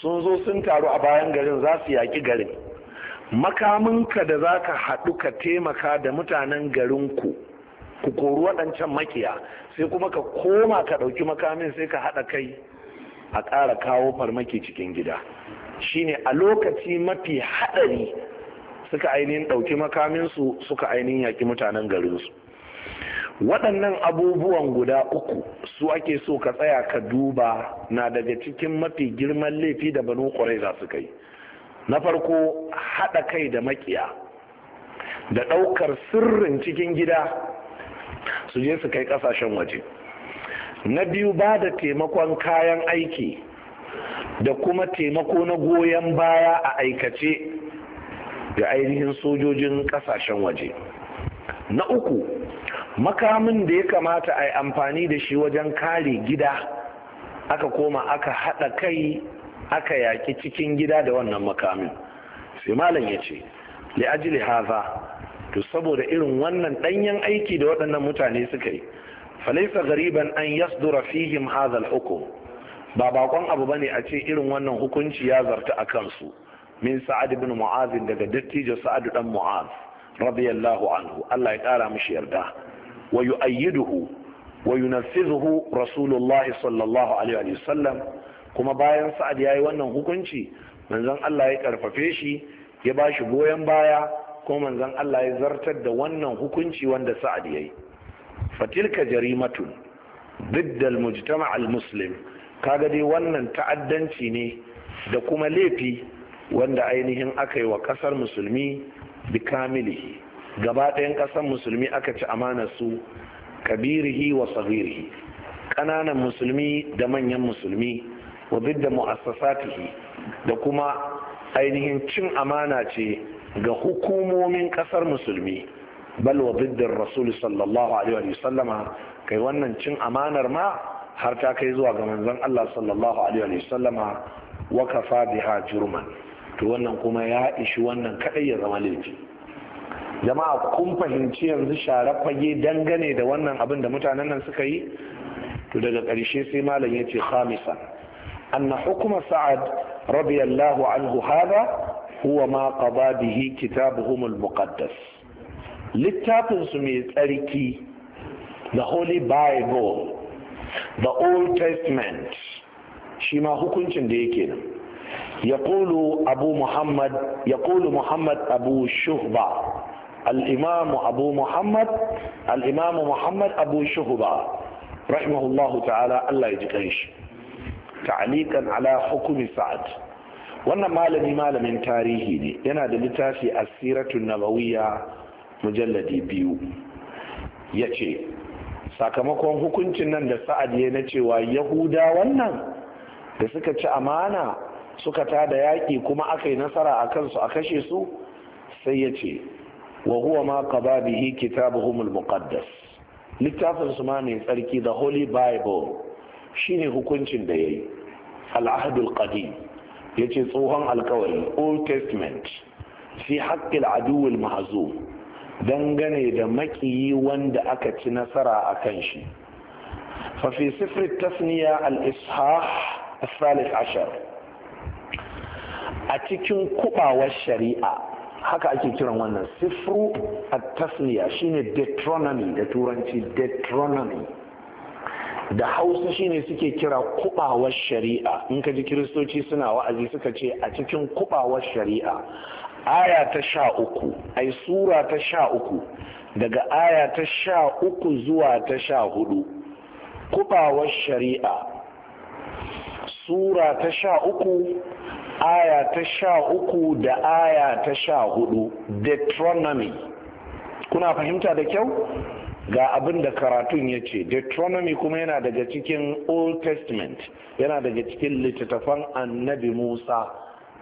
sun zo sun taru a bayan garin za su yaki garin makaminka da za ka haɗu ka taimaka da mutanen garinku ku kori waɗancan makiya sai kuma ka koma ka ɗauki makamin sai ka haɗa kai a ƙara kawo farmaki cikin gida shine a lokaci mafi haɗari suka ainihin ɗauki makaminsu suka ainihin yaƙi mutanen garinsu waɗannan abubuwan guda uku su ake so ka tsaya ka duba na daga cikin mafi girman laifi da banu ƙwarai za su kai na farko haɗa kai da makiya da ɗaukar sirrin cikin gida su je su kai ƙasashen waje na biyu ba da taimakon kayan aiki da kuma taimako na goyon baya a aikace ga ainihin sojojin ƙasashen waje na uku makamin da ya kamata a yi amfani da shi wajen kare gida aka koma aka haɗa kai aka yaƙi cikin gida da wannan makamin sai malam ya ce li'ajili haza to saboda irin wannan ɗanyen aiki da waɗannan mutane suka yi falaisa gariban an yasdura fihim hazal hukum ba bakon abu ba ne a ce irin wannan hukunci ya zarta a kansu min sa'ad ibn mu'az daga dattijo Sa'adu dan mu'az radiyallahu anhu Allah ya kara mishi yarda wa yu'ayyiduhu wa yunaffizuhu rasulullah sallallahu alaihi wa sallam kuma bayan sa'ad yayi wannan hukunci manzon Allah ya karfafe shi ya bashi goyon baya kuma manzon Allah ya zartar da wannan hukunci wanda sa'ad yayi fatilka jarimatun biddal mujtama' al-muslim kaga dai wannan ta'addanci ne da kuma laifi wanda ainihin aka yi wa kasar musulmi bi kamilihi gaba ɗayan ƙasar musulmi aka ci amanar su kabirihi wa sabirihi ƙananan musulmi da manyan musulmi wa duk da mu'assasatihi da kuma ainihin cin amana ce ga hukumomin ƙasar musulmi bal wa duk da rasul sallallahu alaihi wa sallama kai wannan cin amanar ma har ta kai zuwa ga manzon Allah sallallahu alaihi wa sallama wa kafa biha jurman to wannan kuma ya ishi wannan kadai ya zama laifi jama'a kun fahimci yanzu share fage dangane da wannan abin da mutanen nan suka yi to daga ƙarshe sai malam ya ce khamisa anna hukuma sa'ad radiyallahu anhu hada huwa ma qada bihi kitabuhum al-muqaddas littafin su mai tsarki the holy bible the old testament shi ma hukuncin da yake nan yaqulu muhammad muhammad abu shuhba الإمام أبو محمد الإمام محمد أبو شهبة رحمه الله تعالى الله يجيش تعليقا على حكم sa'ad, wannan malami malamin tarihi ne yana da littafi a asiratun nabawiyya mujalladi biyu ya ce sakamakon hukuncin nan da sa'ad ya na cewa yahuda wannan da suka ci amana suka tada yaƙi kuma aka yi nasara a kansu a kashe su sai ya ce wa huwa ma qada bihi kitabuhum al-muqaddas littafin su ma mai tsarki the holy bible shine hukuncin da yayi al-ahdul qadim yace tsohon alkawari old testament fi haqqil aduwil mahzum dangane da makiyi wanda aka ci nasara a kan shi fa fi sifri tasniya al-ishah al ashar a cikin kubawar shari'a haka ake kiran wannan sifru a tasniya shine deuteronomy da turanci deuteronomy da hausa shine suke kira kubawar shari'a in ka ji kiristoci suna wa'azi suka ce a cikin kubawar shari'a aya ta sha uku ai sura ta sha uku daga aya ta sha uku zuwa ta sha hudu kubawar shari'a sura ta sha uku aya ta sha uku da aya ta sha hudu deuteronomy kuna fahimta da kyau ga abin da karatun ya ce deuteronomy kuma yana daga cikin old testament yana daga cikin littattafan annabi musa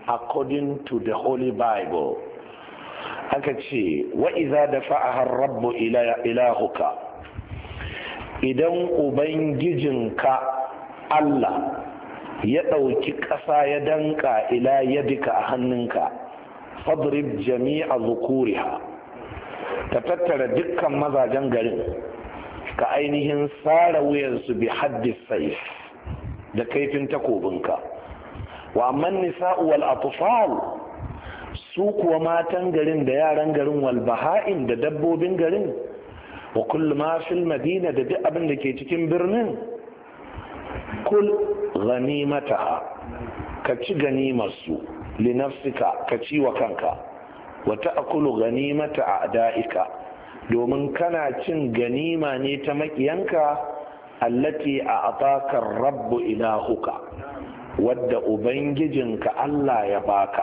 according to the holy bible aka ce wa'iza da fa'ahar rabbu ilahuka idan ubangijinka allah ya ɗauki ƙasa ya danka ila yadika a hannunka fadrib jami'a zukuriha ta tattara dukkan mazajen garin ka ainihin tsara wuyansu bi haddis saif da kaifin takobinka wa amman nisa'u wal atfal su kuwa matan garin da yaran garin wal baha'in da dabbobin garin wa kullu ma fil madina da duk abin da ke cikin birnin takul ganimata ka ci ganimarsu linafsika ka ci wa kanka wa ta'kulu a a'da'ika domin kana cin ganima ne ta makiyanka allati a ataka rabbu ilahuka wadda ubangijinka Allah ya baka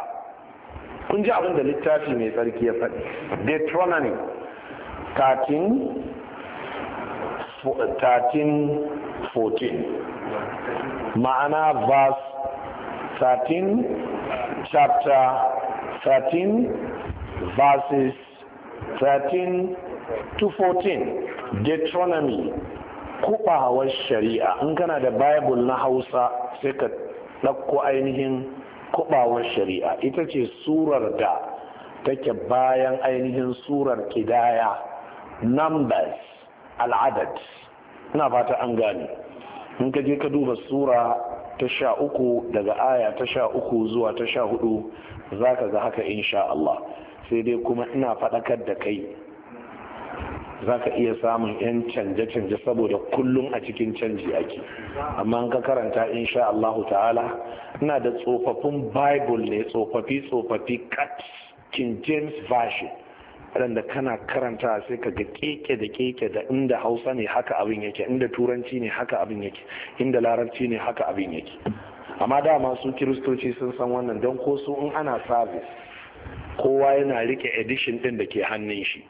kun ji abin da littafi mai tsarki ya faɗi deuteronomy 13 14 ma'ana verse 13 chapter 13 verses 13 to 14 deuteronomy kubawar shari'a in kana da bible na hausa sai ka ɗauko ainihin kuɓawar shari'a ita ce surar da take bayan ainihin surar kidaya numbers al'adad ina fata an gani. in ka je ka duba sura ta sha uku daga aya ta sha uku zuwa ta sha hudu za ka ga haka insha Allah sai dai kuma ina faɗakar da kai za ka iya samun 'yan canje-canje saboda kullum a cikin canji ake amma ka karanta insha Allahu ta'ala ina da tsofaffin bible ne tsofaffi tsofaffi kat king james version waɗanda kana karanta sai ka ga keke da keke da inda hausa ne haka abin yake inda turanci ne haka abin yake inda larabci ne haka abin yake amma dama su kiristoci sun san wannan don ko su in ana sabis kowa yana rike edishin ɗin da ke hannun shi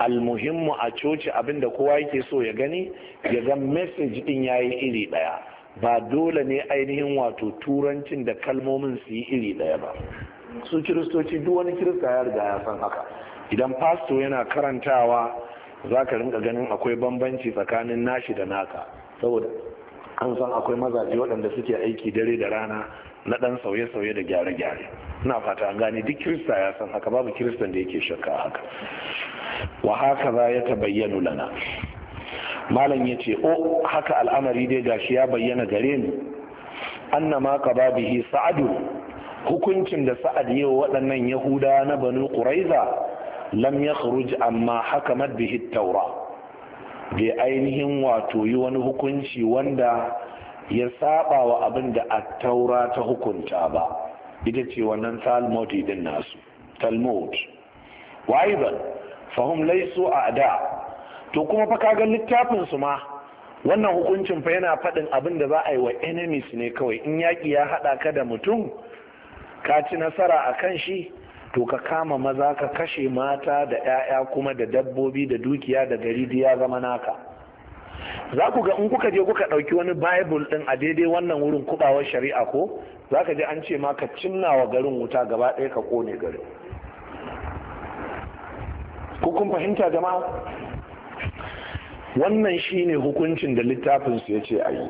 almuhimmu a coci abinda kowa yake so ya gani ya ga message ɗin yi iri ɗaya ba dole ne ainihin wato turancin da kalmomin su yi iri ɗaya ba su kiristoci duk wani kirista ya riga ya san haka idan fasto yana karantawa za ka rinka ganin akwai bambanci tsakanin nashi da naka saboda an san akwai mazaje waɗanda suke aiki dare da rana na ɗan sauye-sauye da gyare-gyare na fata an gane duk kirista ya san haka babu kiristan da yake shakka haka wa haka za ya tabayyanu lana malam ya ce o oh, haka al'amari dai gashi ya bayyana gare ni annama ka babihi sa'adu hukuncin da sa'ad yi waɗannan yahuda na banu ƙuraiza lam ya amma haka bihi taura bai ainihin wato yi wani hukunci wanda ya saba wa abin da a taura ta hukunta ba ita ce wannan talmud din nasu talmud ba, fahim laisu a da to kuma fa ka littafin su ma wannan hukuncin fa yana faɗin abin da za a yi wa enemies ne kawai in yaki ya haɗa ka da mutum ka ci nasara a kan shi to ka kama maza ka kashe mata da 'ya'ya kuma da dabbobi da dukiya da gari ya zama naka za ku ga in kuka je kuka ɗauki wani bible ɗin a daidai wannan wurin kubawar shari'a ko za ka je an ce ma ka cinna wa garin wuta gaba ɗaya ka kone garin kun fahimta jama'a wannan shine hukuncin da littafinsu ya ce a yi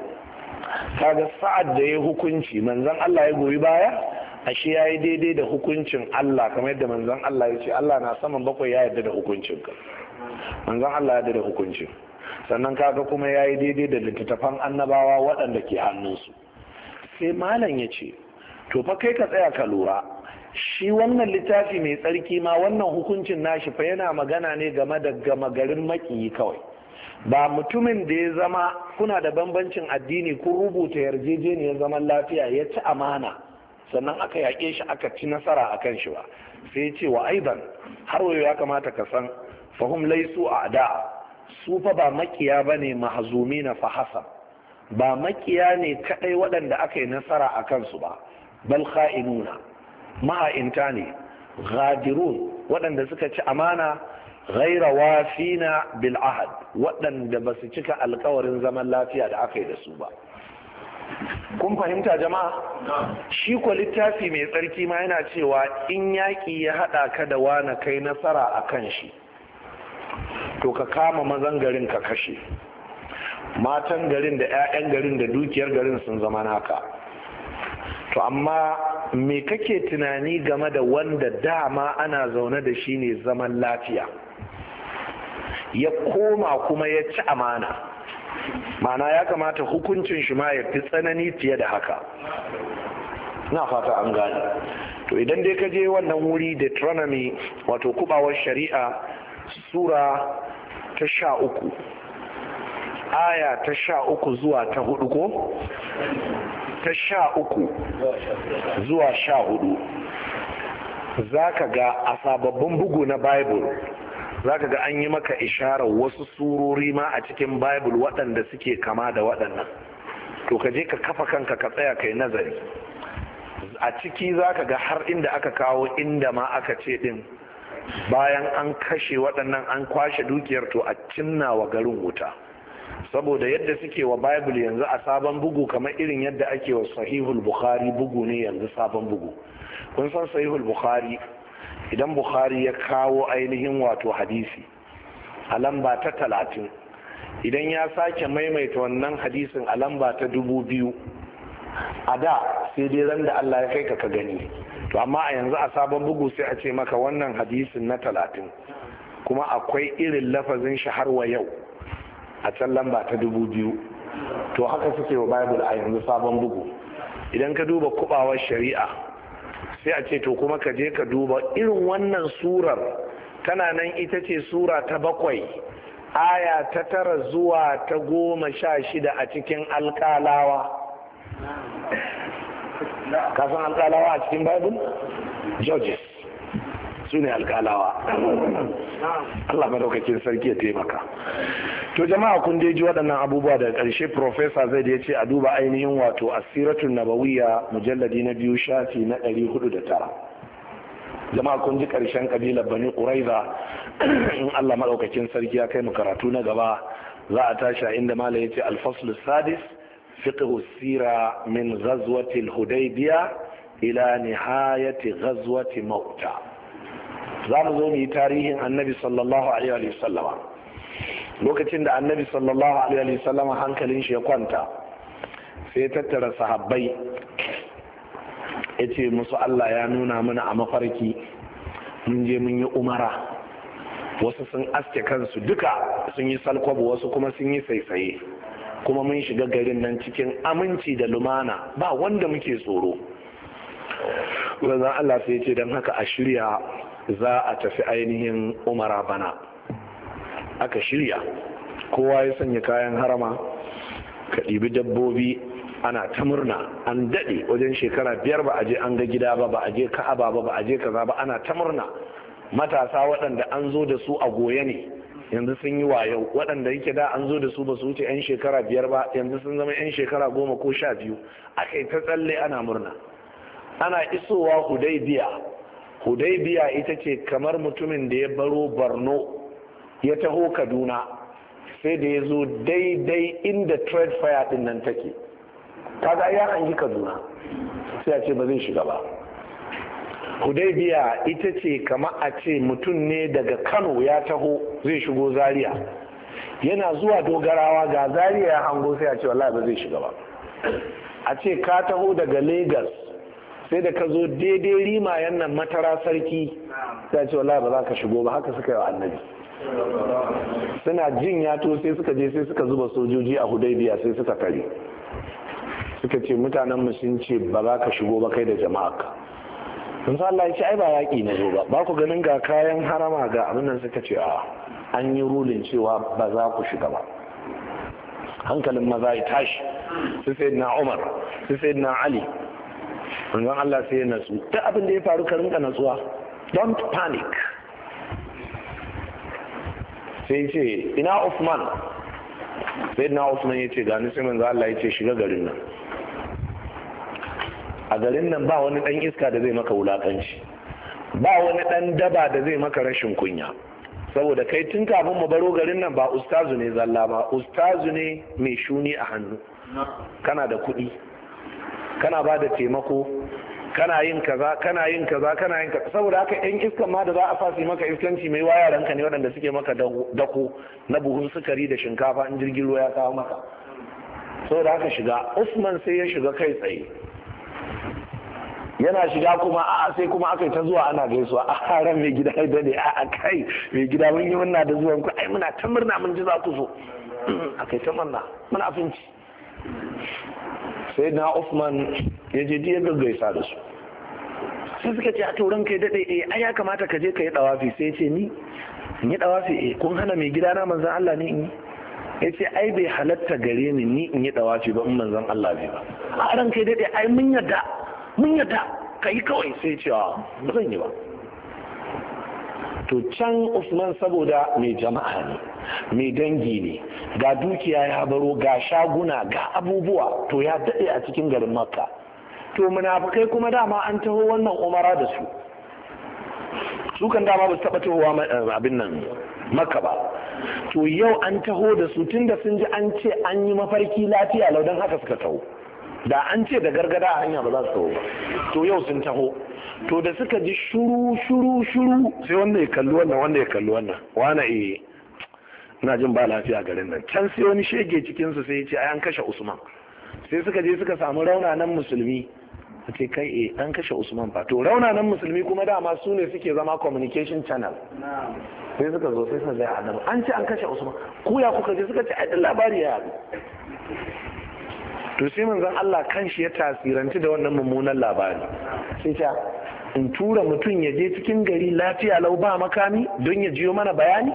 kaga sa'ad da ya hukunci manzon Allah ya goyi baya ya yi daidai da hukuncin Allah kamar yadda manzon Allah ya ce Allah na saman bakwai ya yarda da hukuncin ka manzon Allah ya yarda da hukuncin sannan kaga kuma ya yi daidai da littattafan annabawa waɗanda ke hannunsu sai malam ya ce to fa kai ka tsaya ka lura shi wannan littafi mai tsarki ma wannan hukuncin nashi fa yana magana ne game da gama garin makiyi kawai ba mutumin da ya zama kuna da bambancin addini kun rubuta yarjejeniyar zaman lafiya ya ci amana sannan aka yaƙe shi aka ci nasara a kan shi ba sai ya ce wa har wayo ya kamata ka san fahim laisu a da su fa ba makiya ba ne mahazumi na fahasa ba makiya ne kaɗai waɗanda aka yi nasara a kansu ba bal kha'inuna ma'a'inta ne ghadirun waɗanda suka ci amana ghaira wafina bil ahad waɗanda ba su cika alkawarin zaman lafiya da aka yi da su ba kun fahimta jama'a shi ko littafi mai tsarki ma yana cewa in yaki ya haɗa ka da wani kai nasara a kan shi to ka kama mazan garin ka kashe matan garin da 'ya'yan garin da dukiyar garin sun zama naka to amma me kake tunani game da wanda dama ana zaune da shi ne zaman lafiya ya koma kuma ya ci amana ma'ana ya kamata hukuncin shi ma ya fi tsanani fiye da haka na fata an gane to idan dai ka je wannan wuri deuteronomy wato kubawar shari'a sura ta sha uku aya ta sha uku zuwa ta hudu ko ta sha uku zuwa sha hudu za ka ga a sababbin bugu na bible za ka ga an yi maka isharar wasu surori ma a cikin bible waɗanda suke kama da waɗannan to ka je ka kafa kanka ka tsaya kai nazari a ciki za ka ga har inda aka kawo inda ma aka ce ɗin bayan an kashe waɗannan an kwashe dukiyar to a cinna wa garin wuta saboda yadda suke wa bible yanzu a sabon bugu kamar irin yadda ake wa sahihul bukhari bugu ne yanzu sabon bugu kun san sahihul bukhari idan bukhari ya kawo ainihin wato hadisi a lamba ta talatin idan ya sake maimaita wannan hadisin a lamba ta dubu biyu a da sai dai ran da allah ya kai ka ka gani to amma a yanzu a sabon bugu sai a ce maka wannan hadisin na talatin kuma akwai irin lafazin shi har wa yau a can lamba ta dubu biyu to haka suke wa bible a yanzu sabon bugu idan ka duba kubawar shari'a sai a ce to kuma ka je ka duba irin wannan surar tana nan ita ce sura ta bakwai aya ta tara zuwa ta goma sha shida a cikin alkalawa san alkalawa a cikin babu? georges su ne alkalawa Allah madaukakin sarki ya taimaka to jama'a kun dai ji waɗannan abubuwa da ƙarshe professor zai da ya ce a duba ainihin wato asiratun nabawiyya mujalladi na biyu shafi na ɗari hudu da tara jama'a kun ji ƙarshen ƙabilar bani uraiza in Allah madaukakin sarki ya kai mu karatu na gaba za a tashi a inda malam ya ce alfaslu sadis fiqhu sira min ghazwatil hudaybiya ila nihayati ghazwati mauta za mu zo mu yi tarihin annabi sallallahu alaihi wa sallama lokacin da annabi sallallahu alaihi wa sallama hankalin shi ya kwanta sai ya tattara sahabbai ya ce musu Allah ya nuna mana a mafarki mun je mun yi umara wasu sun aske kansu duka sun yi salkwabo wasu kuma sun yi saisaye kuma mun shiga garin nan cikin aminci da lumana ba wanda muke tsoro wanzan Allah sai ce don haka a shirya za a tafi ainihin umara bana aka shirya kowa ya sanya kayan harama ka ɗibi dabbobi ana ta murna an daɗe wajen shekara biyar ba a je an ga gida ba ba a je ka'aba ba ba a je kaza ba ana ta murna matasa waɗanda an zo da su a goye ne yanzu sun yi wayo waɗanda yake da an zo da su ba su wuce 'yan shekara biyar ba yanzu sun zama 'yan shekara goma ko sha biyu a kai ta tsalle ana murna ana isowa hudaybiya hudaybiya ita ce kamar mutumin da ya baro borno ya taho kaduna sai da ya zo daidai inda trade fire din nan take kaga ya hangi kaduna sai a ce ba zai shiga ba hudaybiya ita ce kama a ce mutum ne daga kano ya taho zai shigo zaria yana zuwa dogarawa ga zaria ya hango sai a ce wallahi ba zai shiga ba a ce ka taho daga lagos sai da ka zo daidai rima nan matara sarki ta ce wallahi ba za ka shigo ba haka suka yi wa annabi suna jin yato sai suka je sai suka zuba sojoji a hudaibiya sai suka kare suka ce mutanen mu sun ce ba za ka shigo ba kai da jama'a sun sa Allah ya ce ai ba yaƙi na zo ba ba ku ganin ga kayan harama ga abin nan suka ce a an yi rulin cewa ba za ku shiga ba hankalin maza ya tashi su sai umar su sai ali manzon Allah sai yana su Ta abin da ya faru ka rinka natsuwa don't panic sai ce ina Uthman sai na Uthman ya ce gani sai manzon Allah ya ce shiga garin nan a garin nan ba wani dan iska da zai maka wulakanci ba wani dan daba da zai maka rashin kunya saboda kai tun kafin mu baro garin nan ba ustazu ne zalla ba ustazu ne mai shuni a hannu kana da kuɗi kana ba da taimako kana yin kaza kana yin kaza kana yin kaza saboda haka yan iskan ma da za a fasi maka iskanci mai waya ranka ne waɗanda suke maka dako na buhun sukari da shinkafa in jirgin ruwa ya kawo maka saboda haka shiga usman sai ya shiga kai tsaye yana shiga kuma a sai kuma aka yi ta zuwa ana gaisuwa a haram mai gida da ne a kai mai gida mun yi murna da zuwan ku ai muna ta murna mun ji za ku zo akai ta murna muna abinci sai na Usman ya je ya gaggaisa da su sai suka ce a tauran kai daɗe eh ai ya kamata ka je ka yi ɗawafi sai ya ce ni in yi ɗawafi eh kun hana mai gidana manzan Allah ne in yi ya ce ai bai halatta gare ni ni in yi ɗawafi ba in manzan Allah ne ba a ran kai daɗe ai mun yadda mun yadda ka yi kawai sai ce wa ba zan yi ba to can Usman saboda mai jama'a ne mai dangi ne ga dukiya ya baro ga shaguna ga abubuwa to ya daɗe a cikin garin makka to munafukai kuma dama an taho wannan umara da su su kan dama ba su taɓa tahowa eh, abin nan makka ba to yau an taho da su tunda sun ji an ce an yi mafarki lafiya lau don haka suka taho da an ce da gargada a hanya ba za su taho ba to yau sun taho to da suka ji shuru shuru shuru sai wanda ya kalli wannan wanda ya kalli wannan wane eh ina jin ba lafiya garin nan can sai wani shege cikinsu sai ya ce ai an kashe usman sai suka je suka samu raunanan musulmi a ce kai e an kashe usman ba to raunanan musulmi kuma dama su ne suke zama communication channel sai suka zo sai suka zai adam an ce an kashe usman ku ya kuka je suka ce ai labari ya yaro to sai manzon Allah kanshi ya tasiranci da wannan mummunan labari sai ta in tura mutum ya je cikin gari lafiya lau ba makami don ya jiyo mana bayani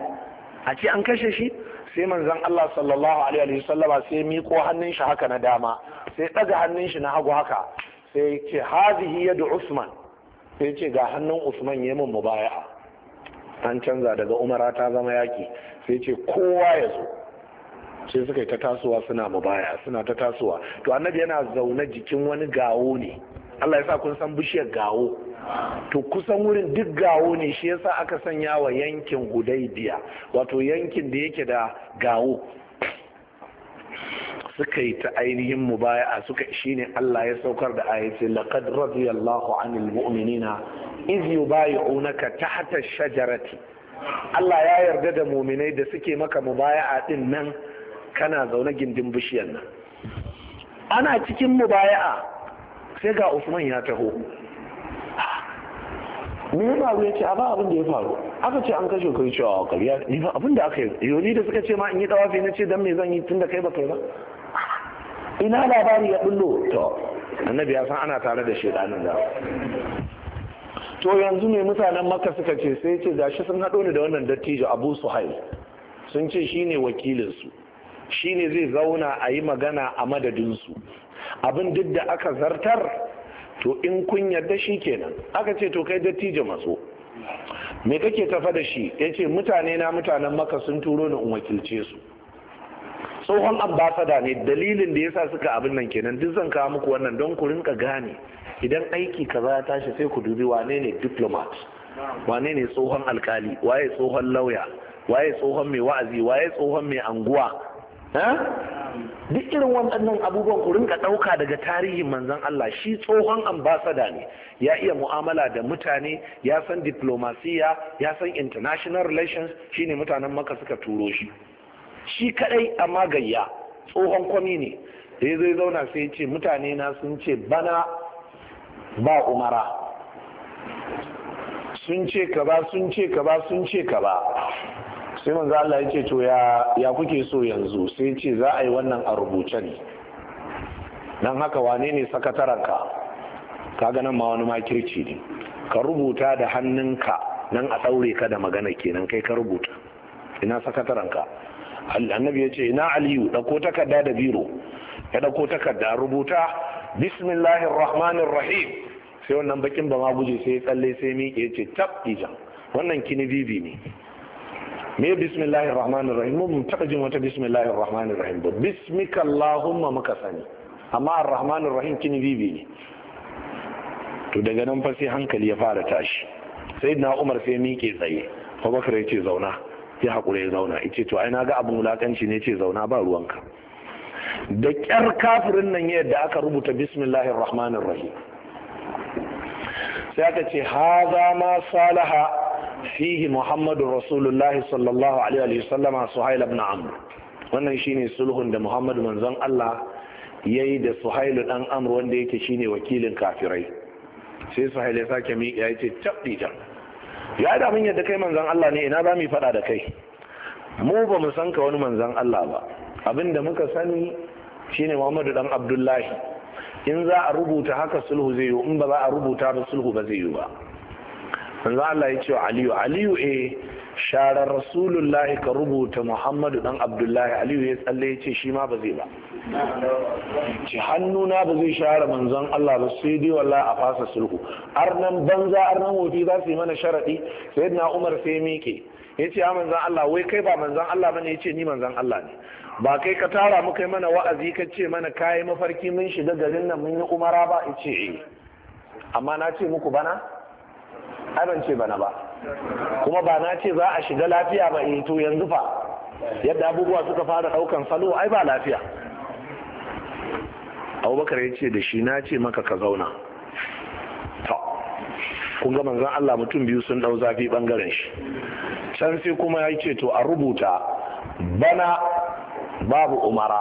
a ce an kashe shi sai manzon Allah sallallahu alaihi wasallama sai miko hannun shi haka na dama sai ɗaga hannun shi na hagu haka sai ce hadhihi yadu Usman sai ce ga hannun Usman ya mun mubaya'a an canza daga umara ta zama yaki sai ce kowa ya zo sai suka yi ta tasowa suna mubaya suna ta tasowa to annabi yana zaune jikin wani gawo ne Allah ya sa kun san bishiyar gawo to kusan wurin duk gawo ne shi yasa aka sanya wa yankin hudaibiya wato yankin da yake da gawo suka yi ta ainihin mubaya'a suka shine Allah ya saukar da ayati laqad radiyallahu anil mu'minina iz yubayi'unaka tahta shajarati Allah ya yarda da muminai da suke maka mubaya'a din nan kana zaune gindin bishiyar nan ana cikin mubaya'a sai ga usman ya taho me ya faru ya ce a ba abin da ya faru aka ce an kashe kai cewa kariya ne? ba abin da aka yi yoni da suka ce ma in yi dawafi na ce don me zan yi tun da kai ba kai ba ina labari ya bullo to annabi ya san ana tare da shedanin da to yanzu me mutanen makka suka ce sai ce gashi sun haɗo ni da wannan dattijo abu suhail sun ce shine wakilinsu shine zai zauna a yi magana a madadinsu abin duk da aka zartar to in kun yarda shi kenan aka ce to kai dattijo matso me kake tafa da shi ya ce mutane na mutanen maka sun turo ni in wakilce su tsohon ambasada ne dalilin da yasa suka abin nan kenan duk zan kawo muku wannan don ku rinka gane idan aiki kaza ya tashi sai ku dubi wane ne diplomat wane ne tsohon alkali waye tsohon lauya waye tsohon mai wa'azi waye tsohon mai anguwa duk irin waɗannan abubuwan ku ka ɗauka daga tarihin manzan Allah shi tsohon ambasada ne ya iya mu'amala da mutane ya san diplomasiya ya san international relations shi ne mutanen maka suka turo shi shi kaɗai a magayya tsohon kwami ne da ya zai zauna sai ce mutane na sun ce bana ba umara sun ce ka ba sun ce ka ba sun ce ka ba sai manzo Allah ya ce to ya ya kuke so yanzu sai ce za a yi wannan a rubuce ne nan haka wane ne sakataranka ga nan ma wani makirci ne ka rubuta da hannunka nan a daure ka da magana kenan kai ka rubuta ina sakataranka annabi ya ce ina aliyu ɗauko takarda da biro ya ɗauko takarda rubuta bismillahir rahmanir rahim sai wannan bakin ba ma guje sai tsalle sai miƙe ya ce tab ijan wannan kinibibi ne me bismillahi rahmanir rahim mun taba jin wata bismillahi rahmanir rahim ba bismika allahumma muka sani amma a rahmanir rahim kini bibi ne to daga nan fasi hankali ya fara tashi na umar sai miƙe tsaye bakar ya ce zauna ya haƙura ya zauna ya ce to ai na ga abin wulaƙanci ne ce zauna ba ruwanka da ƙyar kafirin nan yadda aka rubuta bismillahi rahmanir rahim sai aka ce haza ma salaha fihi Muhammadu rasulullahi sallallahu alaihi wasallama suhail ibn amr wannan shine sulhun da muhammadu manzon Allah yayi da suhailu dan amr wanda yake shine wakilin kafirai sai suhail ya sake mi ya ce tabdi ta ya da mun yadda kai manzon Allah ne ina za mu fada da kai mu ba mu san ka wani manzon Allah ba abinda muka sani shine muhammadu dan abdullahi in za a rubuta haka sulhu zai yi in ba za a rubuta ba sulhu ba zai yi ba manzo Allah ya ce wa Aliyu Aliyu eh sharar Rasulullah ka rubuta Muhammadu dan Abdullahi Aliyu ya tsalle ya ce shi ma ba zai ba hannu hannuna ba zai share manzon Allah ba sai dai wallahi a fasa sulhu arnan banza arnan wofi za su yi mana sharadi sayyidina Umar sai miƙe ya ce a manzon Allah wai kai ba manzon Allah bane ya ce ni manzon Allah ne ba kai ka tara mu kai mana wa'azi ka ce mana kayi mafarki mun shiga garin nan mun yi umara ba ya ce eh amma na ce muku bana ai ban ce bana ba kuma ba na ce za a shiga lafiya ba in eh, to yanzu fa yadda abubuwa suka fara daukan salo ai ba lafiya abubakar ya ce da shi na ce maka ka zauna to kun ga manzon Allah mutum biyu sun dau zafi bangaren shi can sai kuma ya ce to a rubuta bana babu umara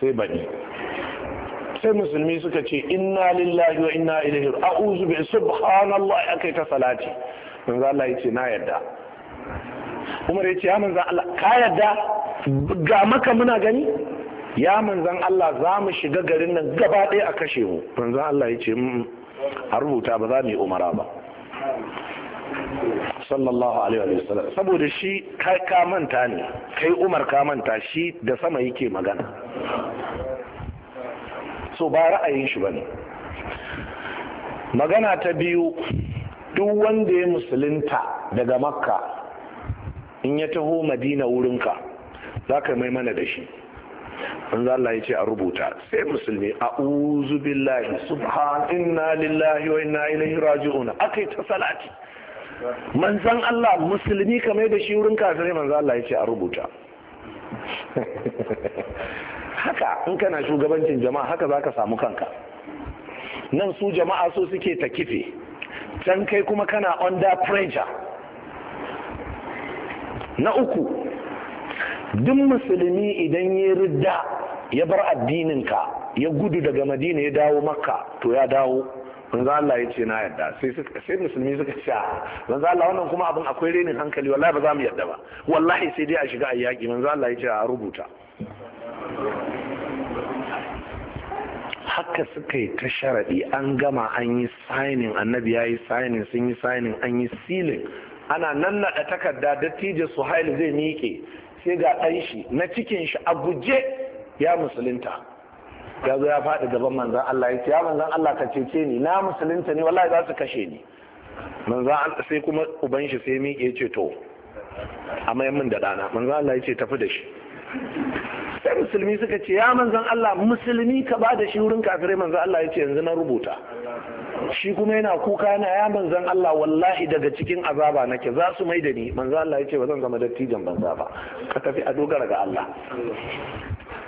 sai baɗi sai musulmi suka ce inna lillahi wa inna ilaihi a'udhu bi subhanallahi akai ta salati manzo Allah yace na yadda Umar yace ya manzo Allah ka yadda ga maka muna gani ya manzan Allah za mu shiga garin nan gaba ɗaya a kashe mu manzan Allah ya ce a rubuta ba za mu yi umara ba sallallahu alaihi wa sallam saboda shi ka manta ne kai umar ka manta shi da sama yake magana so ba ra'ayin shi bane magana ta biyu duk wanda ya musulunta daga makka in ya taho madina wurinka za ka mai mana da shi za Allah ya ce a rubuta sai musulmi a uzu billahi subhan inna lillahi wa inna ilaihi raji'un akai ta salati manzan Allah musulmi kamar da shi wurin kafirai manzan Allah ya ce a rubuta haka in kana shugabancin jama'a haka za ka samu kanka nan su jama'a so suke ta kife can kai kuma kana under pressure na uku duk musulmi idan ya ridda ya bar addininka ya gudu daga madina ya dawo makka to ya dawo manzo Allah ya ce na yadda sai musulmi suka ce ah, manzo Allah wannan kuma abin akwai renin hankali wallahi ba za mu yadda ba wallahi sai dai a shiga ayyaki manzo Allah ya ce ah, a rubuta haka suka yi ta sharaɗi an gama an yi sainin annabi ya yi sainin sun yi sainin an yi silin ana nan da takarda dattijo haili zai miƙe sai ga ɗan shi na cikin shi a guje ya musulunta ya zo ya faɗi gaban manzan Allah ya ce ya manzan Allah ka cece ni na musulunta ne wallahi za su kashe ni manzan Allah sai kuma uban shi sai miƙe ce to a mayan min da ɗana manzan Allah ya ce tafi da shi sai musulmi suka ce ya manzan Allah musulmi ka ba da shi wurin kafire manzan Allah ya ce yanzu na rubuta shi kuma yana kuka yana ya manzan Allah wallahi daga cikin azaba nake za su mai da ni manzan Allah ya ce ba zan zama dattijan banza ba ka tafi a dogara ga Allah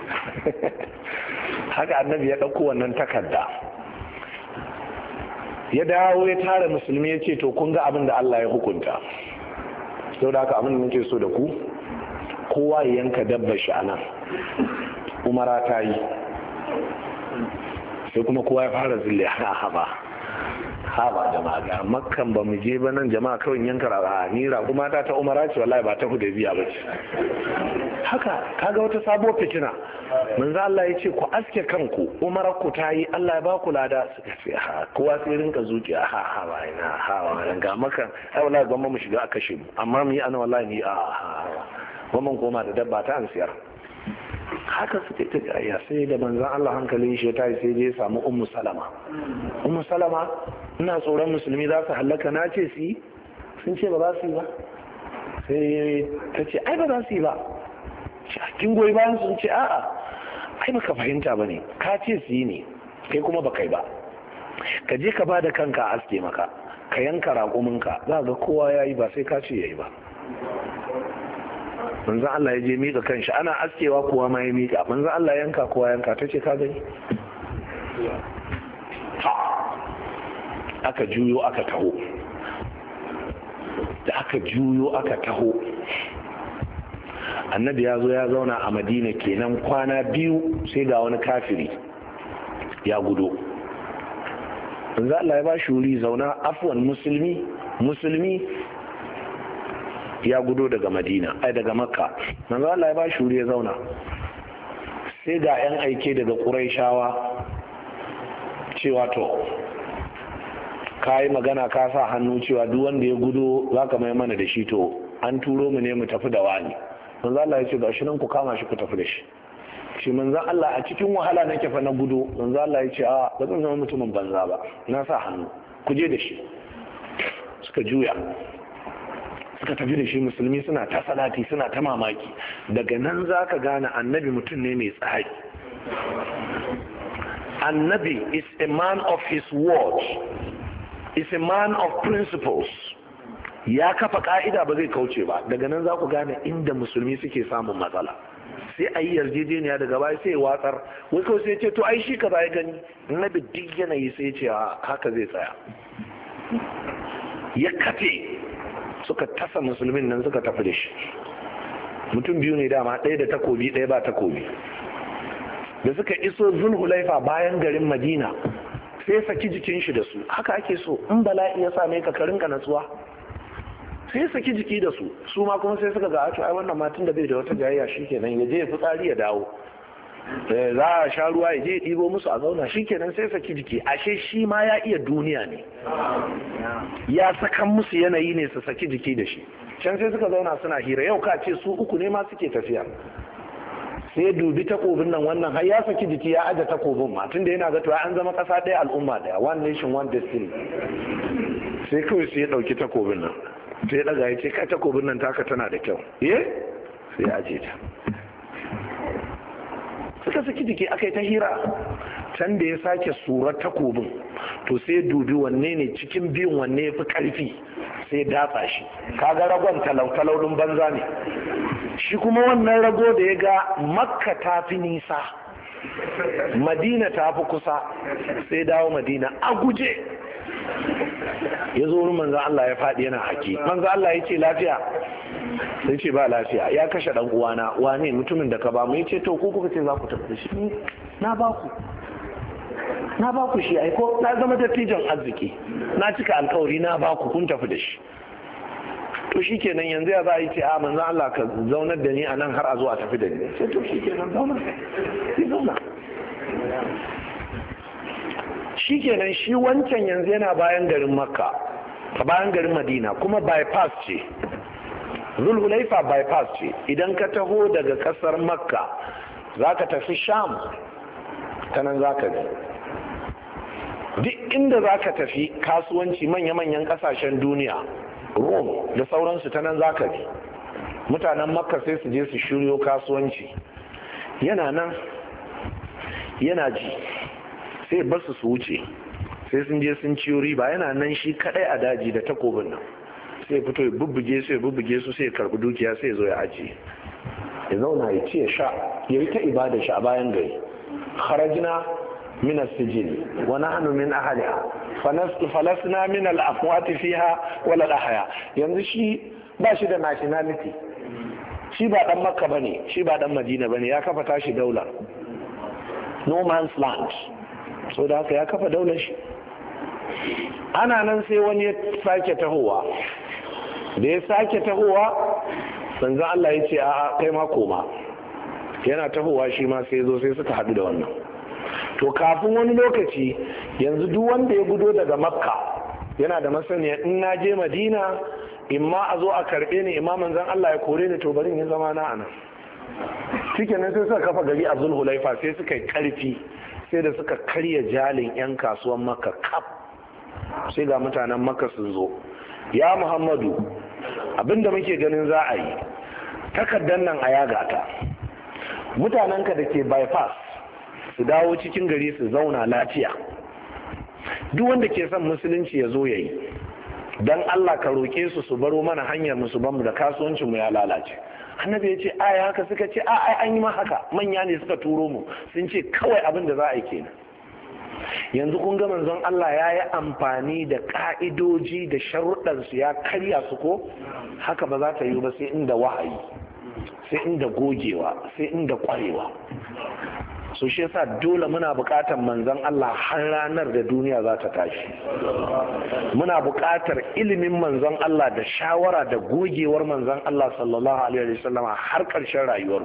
haka annabi ya ɗauko wannan takarda ya dawo ya tara musulmi ya ce to kun ga abin da Allah ya hukunta yau da haka abin da nake so da ku kowa ya yanka dabba shi a nan umara ta yi sai kuma kowa ya fara zille ha haba haba jama'a ga makkan ba mu je ba nan jama'a kawai yanka raga ni kuma ta ta umara ce wallahi ba ta da biya ba ce haka kaga wata sabuwar fitina manzo Allah ya ce ku aske kanku umara ku ta yi Allah ya ba ku lada suka ce ha kowa sai rinka zuciya ha ha ba ina ha ba ga makan ai wallahi gwamma mu shiga a kashe mu amma mu yi ana wallahi ni a ha kuma koma da dabba ta ansiyar haka suke ta jayya sai da manzan Allah hankalin shi ta sai je samu ummu salama ummu salama ina tsoron musulmi za su halaka na ce su yi sun ce ba za su yi ba sai ta ce ai ba za su yi ba kin goyi bayan sun ce a'a ai baka fahimta ba ne ka ce su yi ne kai kuma ba kai ba ka je ka bada kanka a aske maka ka yanka raƙuminka za ga kowa ya yi ba sai ka ce ya yi ba manzon Allah ya je mika kanshi ana askewa kuwa ma ya mika manzon Allah yanka kuwa yanka ta ce ka gani aka juyo aka taho da aka juyo aka taho annabi ya zo ya zauna a madina kenan kwana biyu sai ga wani kafiri ya gudo manzo Allah ya ba shi wuri zauna afwan musulmi musulmi ya gudo daga madina ai daga makka manzo Allah ya ba shi ya zauna sai ga yan aike daga quraishawa cewa to ka magana ka sa hannu cewa duk wanda ya gudo za ka mai mana da shi to an turo mu ne mu tafi da wani manzo Allah ya ce ga nan ku kama shi ku tafi da shi shi manzo Allah a cikin wahala nake fa na gudo manzo Allah ya ce a ba zan zama mutumin banza ba na sa hannu kuje je da shi suka juya suka tafi da shi musulmi suna ta salati suna ta mamaki daga nan za ka gane annabi mutum ne mai tsari annabi is a man of his word is a man of principles ya kafa ka'ida ba zai kauce ba daga nan za ku gane inda musulmi suke samun matsala sai a yi yarjejeniya daga baya sai ya watsar wai kawai sai ce to ai shi ka baya gani annabi duk yanayi sai ce haka zai tsaya ya kafe suka tasa musulmin nan suka tafi da shi mutum biyu ne dama ɗaya da takobi ɗaya ba takobi da suka iso hulaifa bayan garin madina sai saki jikin shi da su haka ake so in bala'i ya same ka karinka natsuwa sai saki jiki da su su ma kuma sai suka ga a ai wannan matan da bai da wata jayayya kenan ya je ya fi tsari ya dawo Eh, za a sha ruwa ya je ya ɗibo musu a zauna shi kenan sai saki jiki ashe shi ma ya iya duniya ne ya sakan musu yanayi ne su saki jiki da shi can sai suka zauna suna hira yau ka ce su uku ne ma suke tafiya sai dubi takobin nan wannan har ya saki jiki ya aje takobin ma tunda yana ga to an zama kasa ɗaya al'umma ɗaya one nation one destiny sai kawai sai ya ɗauki takobin nan sai ya ɗaga ya ce kai takobin nan taka tana da kyau eh sai ya aje ta suka saki jiki aka yi ta hira can da ya sake surar takobin to sai dubi wanne ne cikin biyun wanne ya fi karfi sai datsa shi kaga ragon talautalau banza ne shi kuma wannan rago da ya ga makka ta fi nisa madina ta fi kusa sai dawo madina a guje ya zo wurin manzan Allah ya faɗi yana haƙi manzan Allah ya ce lafiya sun ce ba lafiya ya kashe dan uwana wane mutumin da ka ba mu yace to ku kuka ce za ku tafi shi na ba ku na ba ku shi ai ko na zama dattijan arziki na cika alkawari na ba ku kun tafi da shi to shi kenan yanzu ya za a yi ce a manzan Allah ka zaunar da ni a nan har a zuwa tafi da ni sai to shi kenan zauna sai zauna shi kenan shi wancan yanzu yana bayan garin makka bayan garin madina kuma bypass ce zulhulaifa bypass ce idan ka taho daga kasar makka za ka tafi sham ta nan za ka bi duk inda za ka tafi kasuwanci manya-manyan kasashen duniya rome da sauransu ta nan za ka bi mutanen makka sai su je su shiryo kasuwanci yana nan yana ji sai basu su wuce sai sun je sun ciyo riba yana nan shi kadai a daji da takobin nan sai fito ya bubbuge su ya bubbuge su sai ya karbi dukiya sai ya zo ya aji ya zauna ya ce sha ya yi ta ibada shi a bayan gari kharajna min as-sijil wa nahnu min ahliha fa nasu falasna min al-afwati fiha wala al-ahya yanzu shi ba shi da nationality shi ba dan makka bane shi ba dan madina bane ya kafa tashi daula no man's land so da haka ya kafa daular shi ana nan sai wani ya sake tahowa da ya sake tahowa manzo Allah ya ce a kai ma koma yana tahowa shi ma sai zo sai suka haɗu da wannan to kafin wani lokaci yanzu duk wanda ya gudo daga makka yana da masaniya in na je madina ma a zo a karɓe ni imma manzon Allah ya kore ni to bari yin zama na anan nan sai suka kafa gari a hulaifa sai suka yi karfi sai da suka karya jalin yan kasuwan makka kaf sai ga mutanen makka sun zo ya muhammadu abinda muke ganin za a yi takardar nan a yaga ta mutanenka da ke bypass su dawo cikin gari su zauna lafiya duk wanda ke son musulunci ya zo ya yi don allah ka roƙe su su baro mana hanyar musu bamu da kasuwancinmu ya lalace annabi ya ce a haka suka ce ai an yi ma haka manya ne suka turo mu sun ce kawai abin da za a yi kenan yanzu kun ga manzon Allah ya yi amfani da ka'idoji da sharuɗansu ya karya su ko haka ba za ta yi ba sai inda wahayi sai inda gogewa sai inda kwarewa so shi yasa dole muna buƙatar manzon Allah har ranar da duniya za ta tashi muna buƙatar ilimin manzon Allah da shawara da gogewar manzon Allah sallallahu alaihi wasallam har ƙarshen rayuwar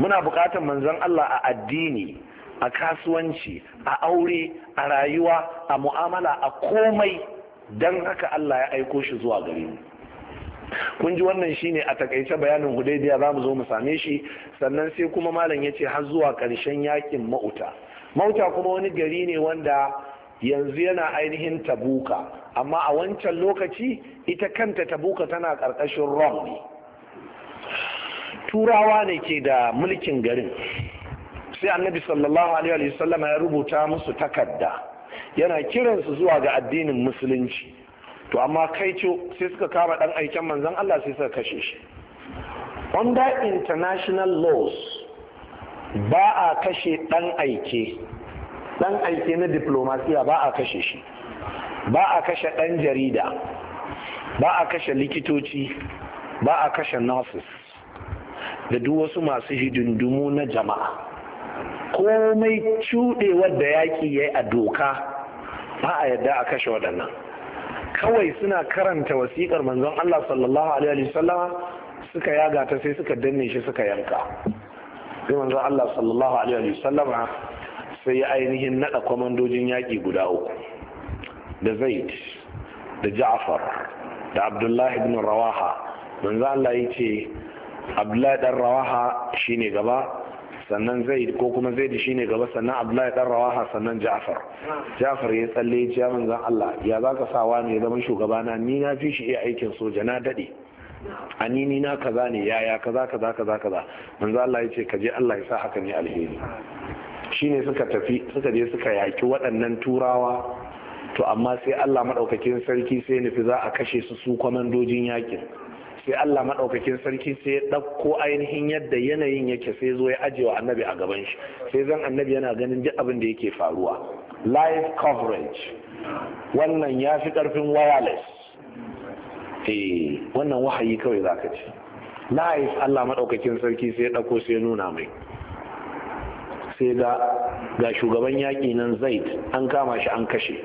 muna buƙatar manzon Allah a addini a kasuwanci a aure a rayuwa a mu'amala a komai don haka Allah ya aiko shi zuwa gari mu kun ji wannan shine a takaice bayanin hudaybiya za mu zo mu same shi sannan sai kuma malam ya ce har zuwa karshen yakin mauta mauta kuma wani gari ne wanda yanzu yana ainihin tabuka amma a wancan lokaci ita kanta tabuka tana karkashin rom ne turawa ne ke da mulkin garin sai annabi sallallahu alaihi wa sallam ya rubuta musu takarda yana kiransu zuwa ga addinin musulunci to amma kai sai suka kama dan aiken manzon Allah sai suka kashe shi under international laws ba a kashe dan aike dan aike na diplomasiya ba a kashe shi ba a kashe dan jarida ba a kashe likitoci ba a kashe nurses da duk wasu masu hidindumu na jama'a komai cuɗewar wadda yaƙi ya yi a doka ba a yadda a kashe waɗannan kawai suna karanta wasiƙar manzon Allah sallallahu alaihi wasallama suka yaga ta sai suka danne shi suka yanka sai manzon Allah sallallahu alaihi wasallama sai ya ainihin naɗa kwamandojin yaƙi guda uku da Zaid da Ja'far da Abdullah ibn Rawaha manzon Allah ya ce Abdullah dan Rawaha shine gaba sannan zai ko kuma zai da ne gaba sannan abdullahi dan rawaha sannan ja'far ja'far ya tsalle ya zan Allah ya za ka sawa ne ya zama shugabana ni na fi shi iya aikin soja na dade ni na kaza ne yaya kaza kaza kaza kaza manzo Allah ya ce ka je Allah ya sa haka ne alheri shine suka tafi suka je suka yaki waɗannan turawa to amma sai Allah madaukakin sarki sai nufi za a kashe su su kwamandojin yakin sai Allah maɗaukakin sarki sai ya ɗauko ainihin yadda yanayin yake sai zo ya ajiye wa annabi a gaban shi sai zan annabi yana ganin duk abin da yake faruwa live coverage wannan ya fi ƙarfin wireless eh wannan wahayi kawai za ka ci live Allah maɗaukakin sarki sai ya ɗauko sai ya nuna mai sai ga ga shugaban yaƙi nan zaid an kama shi an kashe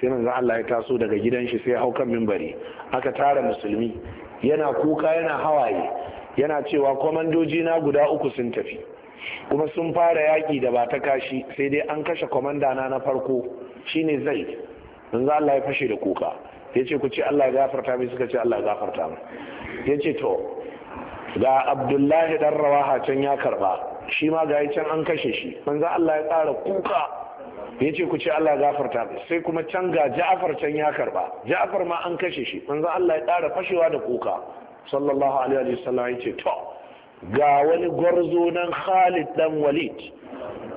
sai manzon Allah ya taso daga gidan shi sai ya hau kan mimbari aka tara musulmi yana kuka yana hawaye yana cewa kwamandoji na guda uku sun tafi kuma sun fara yaƙi da ba ta kashi sai dai an kashe kwamanda na na farko shine zai don za Allah ya fashe da kuka ya ce ku ce Allah ya gafarta mai suka ce Allah ya gafarta mai ya ce to ga abdullahi dan rawaha can ya karba shi ma ga can an kashe shi manzo Allah ya tsara kuka ya ce ku ce Allah gafarta sai kuma can ga Ja'far can ya karba Ja'far ma an kashe shi manzo Allah ya ɗara fashewa da kuka sallallahu alaihi wa sallam ya ce ga wani gwarzo nan Khalid dan Walid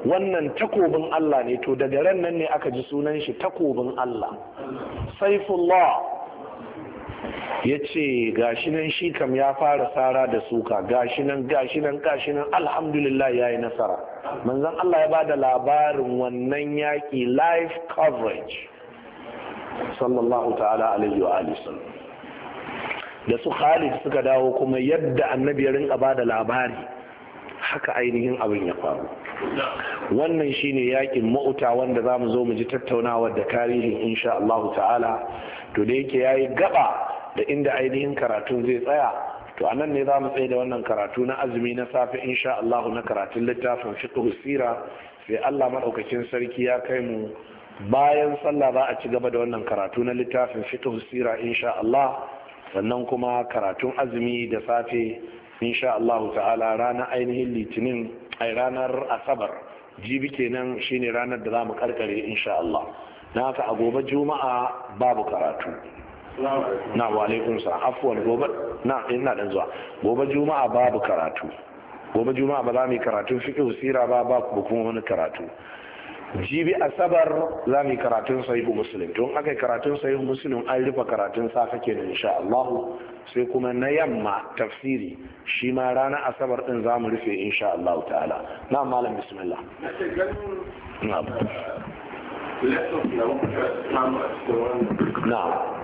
wannan takobin Allah ne to daga ran nan ne aka ji sunan shi takobin Allah Saifullah ya ce gashi nan shi kam ya fara tsara da suka gashi nan gashi nan gashi nan alhamdulillah ya yi nasara manzon Allah ya ba da labarin wannan yaƙi live coverage sallallahu ta'ala alayhi wa sallam da su Khalid suka dawo kuma yadda annabi ya rinka bada labari haka ainihin abin ya faru wannan shine yakin ma'uta wanda za mu zo mu ji tattaunawar da tarihin insha Allah ta'ala to da yake yayi gaba da inda ainihin karatun zai tsaya to anan ne za mu tsaye da wannan karatu na azumi na safe insha Allah na karatun littafin fiqh sira sai Allah madaukakin sarki ya kai mu bayan sallah za a ci gaba da wannan karatu na littafin fiqh sira insha Allah sannan kuma karatun azumi da safe insha Allah ta'ala ranar ainihin litinin ai ranar asabar jibi kenan shine ranar da za mu karkare insha Allah na haka a gobe juma'a babu karatu na wa alaikum salam afwan gobe na ina dan zuwa gobe juma'a babu karatu gobe juma'a ba za mu yi karatun fiqh sira ba ba kuma wani karatu jibi asabar za mu yi karatun sahihu muslim don aka yi karatun sahihu muslim an rufe karatun safe kenan insha Allah sai kuma na yamma tafsiri shi ma ranar asabar din za mu rufe insha Allah ta'ala na malam bismillah na'am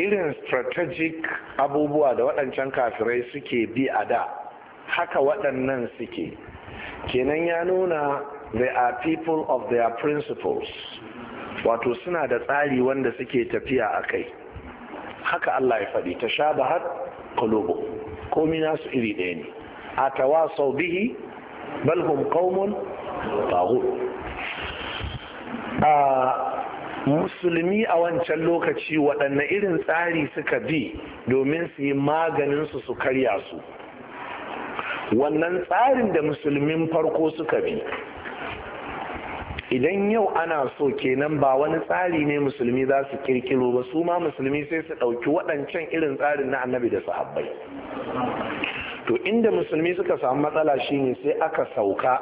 irin strategic abubuwa da waɗancan kafirai suke bi a da haka waɗannan suke kenan ya nuna they are people of their principles wato suna da tsari wanda suke tafiya a kai haka Allah ya faɗi ta sha har kulubu komi nasu iri ɗaya ne a tawa sau bihi balhum kaumun tahu ah, musulmi a wancan lokaci waɗanne irin tsari suka bi domin su yi maganin su su karya su wannan tsarin da musulmin farko suka bi idan yau ana so kenan ba wani tsari ne musulmi za su kirkiro ba su ma musulmi sai su ɗauki waɗancan irin tsarin na annabi da sahabbai to inda musulmi suka samu matsala shine sai aka sauka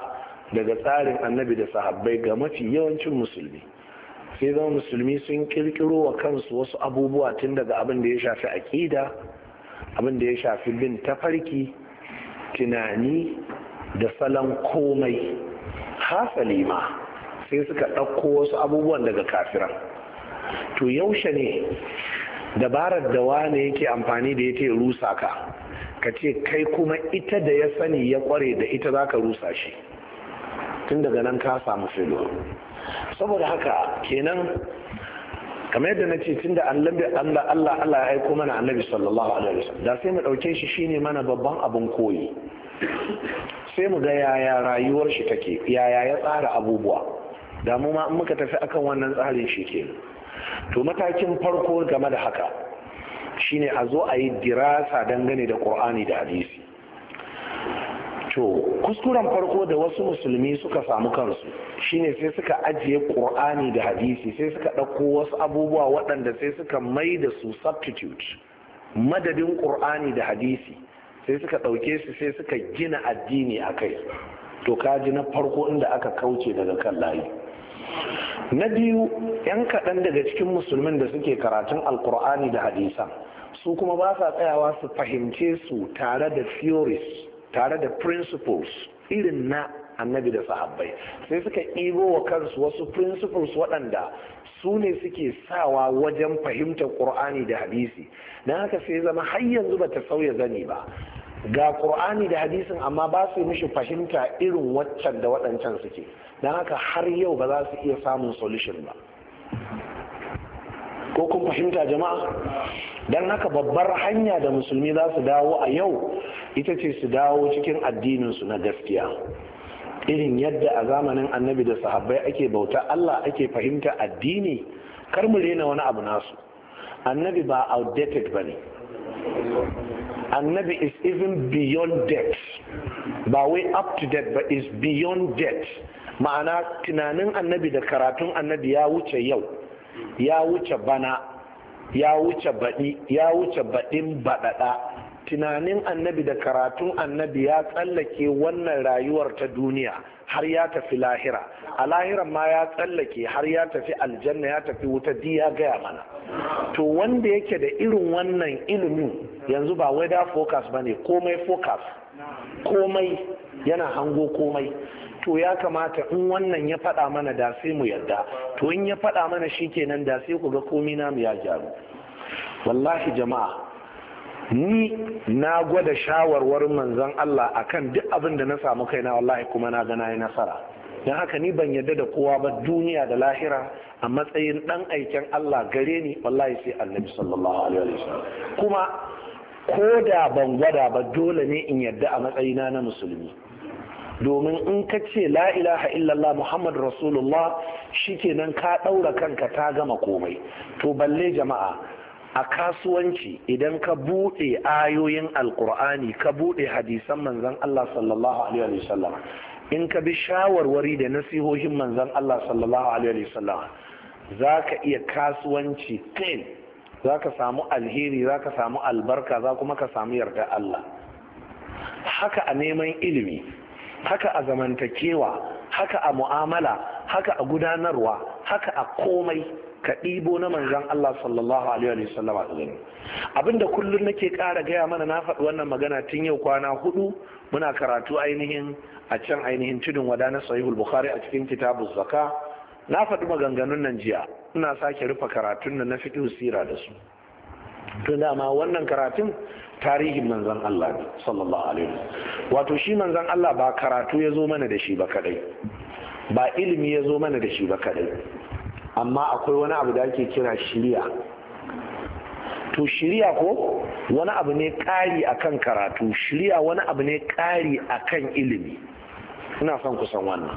daga tsarin annabi da sahabbai ga mafi yawancin musulmi sai zama musulmi sun kirkiro wa kansu wasu abubuwa tun daga abin da ya shafi aƙida abin da ya shafi bin tafarki tunani da salon komai hafa lima sai suka ɗauko wasu abubuwan daga kafiran to yaushe ne dabarar da wane yake amfani da ya rusa ka ka ce kai kuma ita da ya sani ya ƙware da ita za ka rusa shi tun daga nan ka samu filo saboda haka kenan kamar yadda na ce tun da Allah Allah ya aiko mana annabi sallallahu alaihi wasallam da sai mu dauke shi shine mana babban abin koyi sai mu ga yaya rayuwar shi take yaya ya tsara abubuwa da mu ma muka tafi akan wannan tsarin shi ke to matakin farko game da haka shine a zo a yi dirasa dangane da Qur'ani da hadisi to kuskuren farko da wasu musulmi suka samu kansu shine sai suka ajiye ƙur'ani da hadisi sai suka ɗauko wasu abubuwa waɗanda sai suka mai da su substitute madadin ƙur'ani da hadisi sai suka ɗauke su sai suka gina addini a kai to kaji na farko inda aka kauce daga kan layi na biyu 'yan kaɗan daga cikin musulmin da suke karatun alkur'ani da hadisan su kuma ba sa tsayawa su fahimce su tare da theories tare da principles irin na annabi da sahabbai sai suka ibo wa kansu wasu principles waɗanda su ne suke sawa wajen fahimtar ƙur'ani da hadisi na haka sai zama har yanzu ba ta sauya zani ba ga ƙur'ani da hadisin amma ba su mishi fahimta irin waccan da waɗancan suke na haka har yau ba za su iya samun solution ba ko kun fahimta jama'a don haka babbar hanya da musulmi za su dawo a yau ita ce su dawo cikin addininsu na gaskiya irin yadda a zamanin annabi da sahabbai ake bauta Allah ake fahimta addini kar mu rena wani abu nasu annabi ba outdated ba ne annabi is even beyond death ba wai up to date but is beyond death ma'ana tunanin annabi da karatun annabi ya wuce yau ya wuce bana ya wuce baɗi ya wuce baɗin baɗaɗa tunanin annabi da karatun annabi ya tsallake wannan rayuwar ta duniya har ya tafi lahira a lahiran ma ya tsallake har ya tafi aljanna ya tafi wuta di ya gaya mana to wanda yake da irin wannan ilimin yanzu ba weather focus ba ne komai focus komai yana hango komai to ya kamata in wannan ya faɗa mana da sai mu yarda to in ya faɗa mana shi kenan da sai ku ga komi mu ya gyaru wallahi jama'a ni na gwada shawarwarin manzon Allah akan duk abin da na samu kaina wallahi kuma na ga nasara don haka ni ban yarda da kowa ba duniya da lahira a matsayin dan aiken Allah gare ni wallahi sai annabi sallallahu alaihi wasallam kuma ko da ban gwada ba dole ne in yarda a matsayina na musulmi domin in ka ce la ilaha illallah muhammad rasulullah shikenan ka ɗaura kanka ta gama komai to balle jama'a a kasuwanci idan ka buɗe ayoyin alkur'ani ka buɗe hadisan manzan allah sallallahu alaihi wasallam in ka bi shawarwari da nasihohin manzon allah sallallahu alaihi wasallam za ka iya kasuwanci clean za ka samu alheri za ka samu albarka za kuma ka samu yarda Allah haka a neman ilimi haka a zamantakewa haka a mu'amala haka a gudanarwa haka a komai ka ɗibo na manzan Allah sallallahu alaihi wa sallama a gani abinda kullum nake ƙara gaya mana na faɗi wannan magana tun yau kwana hudu muna karatu ainihin a can ainihin tudun wada na sahihul bukhari a cikin kitabu zaka na faɗi maganganun nan jiya ina sake rufe karatun nan na fiƙi sira da su Tun dama wannan karatun tarihin manzan Allah ne sallallahu alaihi wato shi manzan Allah ba karatu ya zo mana da shi ba kadai ba ilimi ya zo mana da shi ba kadai amma akwai wani abu da ake kira shiriya to shiriya ko wani abu ne ƙari akan karatu shiriya wani abu ne ƙari akan ilimi ina son kusan wannan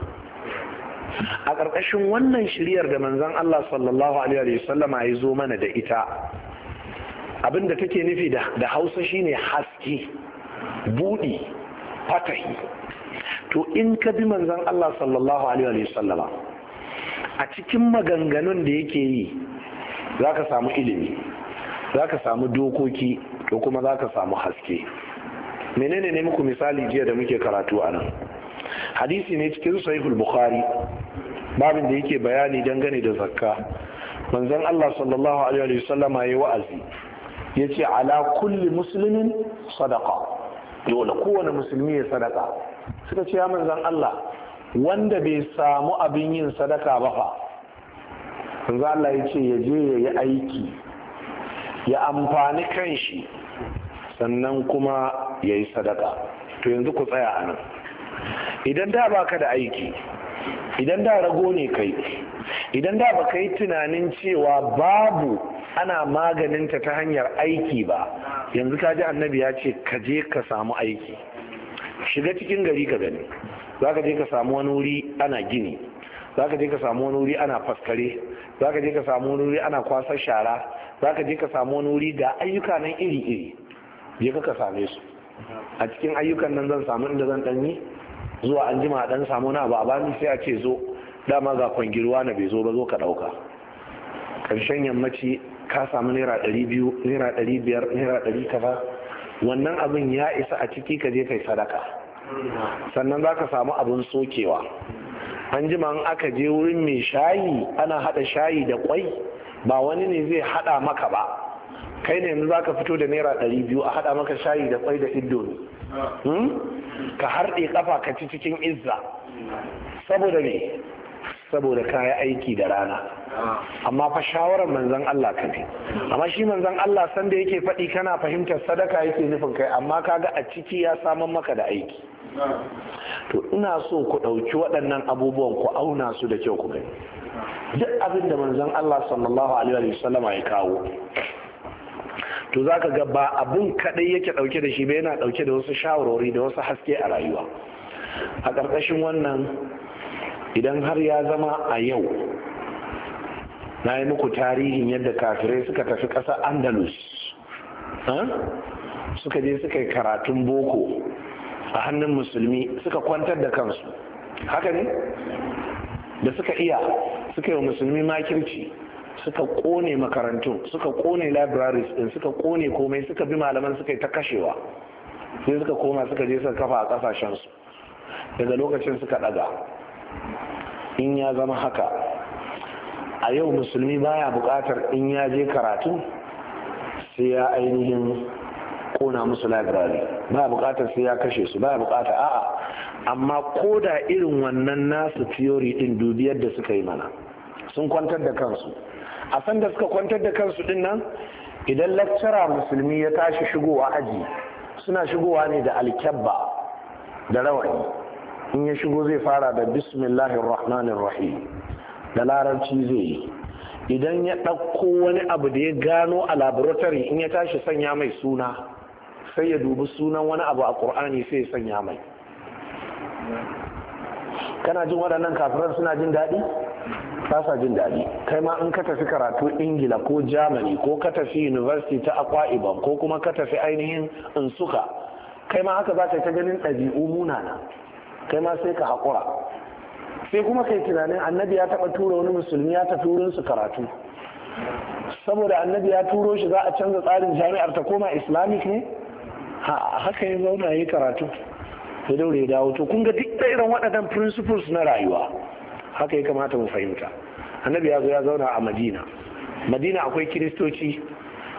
a ƙarƙashin wannan shiriyar da manzan Allah sallallahu alaihi wasallama ya zo mana da ita abin da take nufi da hausa shine haske buɗe, fatahi to in ka bi manzan Allah sallallahu alaihi wasallama a cikin maganganun da yake yi za ka samu ilimi za ka samu dokoki to kuma za ka samu haske menene ne muku misali jiya da muke karatu a nan hadisi ne cikin sahihul bukhari babin da yake bayani dangane da zakka manzon Allah sallallahu alaihi wasallama yayi wa'azi ya ce ala kulli musulmin sadaka dole kowane musulmi ya sadaka suka ce ya manzan Allah wanda bai samu abin yin sadaka ba fa za Allah ya ce ya je ya yi aiki ya amfani kanshi sannan kuma ya yi sadaka to yanzu ku tsaya a nan idan da baka da aiki idan da rago ne kai idan da baka yi tunanin cewa babu ana maganinta ta hanyar aiki ba yanzu ka ji annabi ya ce ka je ka samu aiki shiga cikin gari ka gani za ka je ka samu wani wuri ana gini za ka je ka samu wani wuri ana faskare za ka je ka samu wani wuri ana kwasar shara za ka je ka samu wani wuri ga ayyuka nan iri-iri je ka ka same su a cikin ayyukan nan zan samu inda zan yi zuwa an jima dan samu na ba bani sai a ce zo dama ga kwangirwa na bai zo ba zo ka ɗauka karshen yammaci ka samu naira ɗari biyu naira ɗari biyar naira ɗari kaza wannan abin ya isa a ciki ka je kai sadaka sannan za ka samu abin sokewa an jima an aka je wurin mai shayi ana haɗa shayi da kwai ba wani ne zai haɗa maka ba kai ne yanzu za ka fito da naira ɗari biyu a haɗa maka shayi da kwai da indomi hmm? ka harɗe kafa ka ci cikin izza saboda ne saboda kaya aiki da rana amma fa shawarar manzon Allah ka ne amma shi manzon Allah sanda yake faɗi kana fahimtar sadaka yake nufin kai amma kaga a ciki ya saman maka da aiki to ina so ku ɗauki waɗannan abubuwan ku auna su da kyau ku gani duk abin da manzon Allah sallallahu alaihi wa sallama ya kawo to zaka ga ba abun kadai yake ɗauke da shi ba yana ɗauke da wasu shawarwari da wasu haske a rayuwa a ƙarƙashin wannan idan har ya zama a yau na yi muku tarihin yadda kafirai suka tafi ƙasa andalus suka je suka yi karatun boko a hannun musulmi suka kwantar da kansu haka ne da suka iya suka yi wa musulmi makirci suka kone makarantun suka kone libraries din suka kone komai suka bi malaman suka yi ta kashewa sai suka koma suka je suka kafa a kasashensu daga lokacin suka daga in ya zama haka a yau musulmi baya bukatar in ya je karatu sai ya ainihin kona musu labirari baya buƙatar sai ya kashe su baya bukatar a'a amma ko da irin wannan nasu theory din dubiyar da suka yi mana sun kwantar da kansu a san suka kwantar da kansu din nan idan lakcara musulmi ya tashi shigowa aji suna shigowa ne da alkyabba da rawani in ya shigo zai fara da bismillahir rahmanir rahim da larabci zai yi idan ya ɗauko wani abu da ya gano a laboratory in ya tashi sanya mai suna sai ya dubi sunan wani abu a ƙur'ani sai ya sanya mai kana jin waɗannan kafirar suna jin daɗi sa jin daɗi kai ma in ka tafi karatu ingila ko germany ko ka tafi university ta akwa iban ko kuma ka tafi ainihin insuka kai ma haka za ka ta ganin ɗabi'u munana kai ma sai ka haƙura sai kuma kai tunanin annabi ya taɓa tura wani musulmi ya tafi wurin su karatu saboda annabi ya turo shi za a canza tsarin jami'ar ta koma islamic ne haka ya zauna ya yi karatu ya daure ya dawo to kun ga duk da irin waɗannan principles na rayuwa haka ya kamata mu fahimta annabi ya zo ya zauna a madina madina akwai kiristoci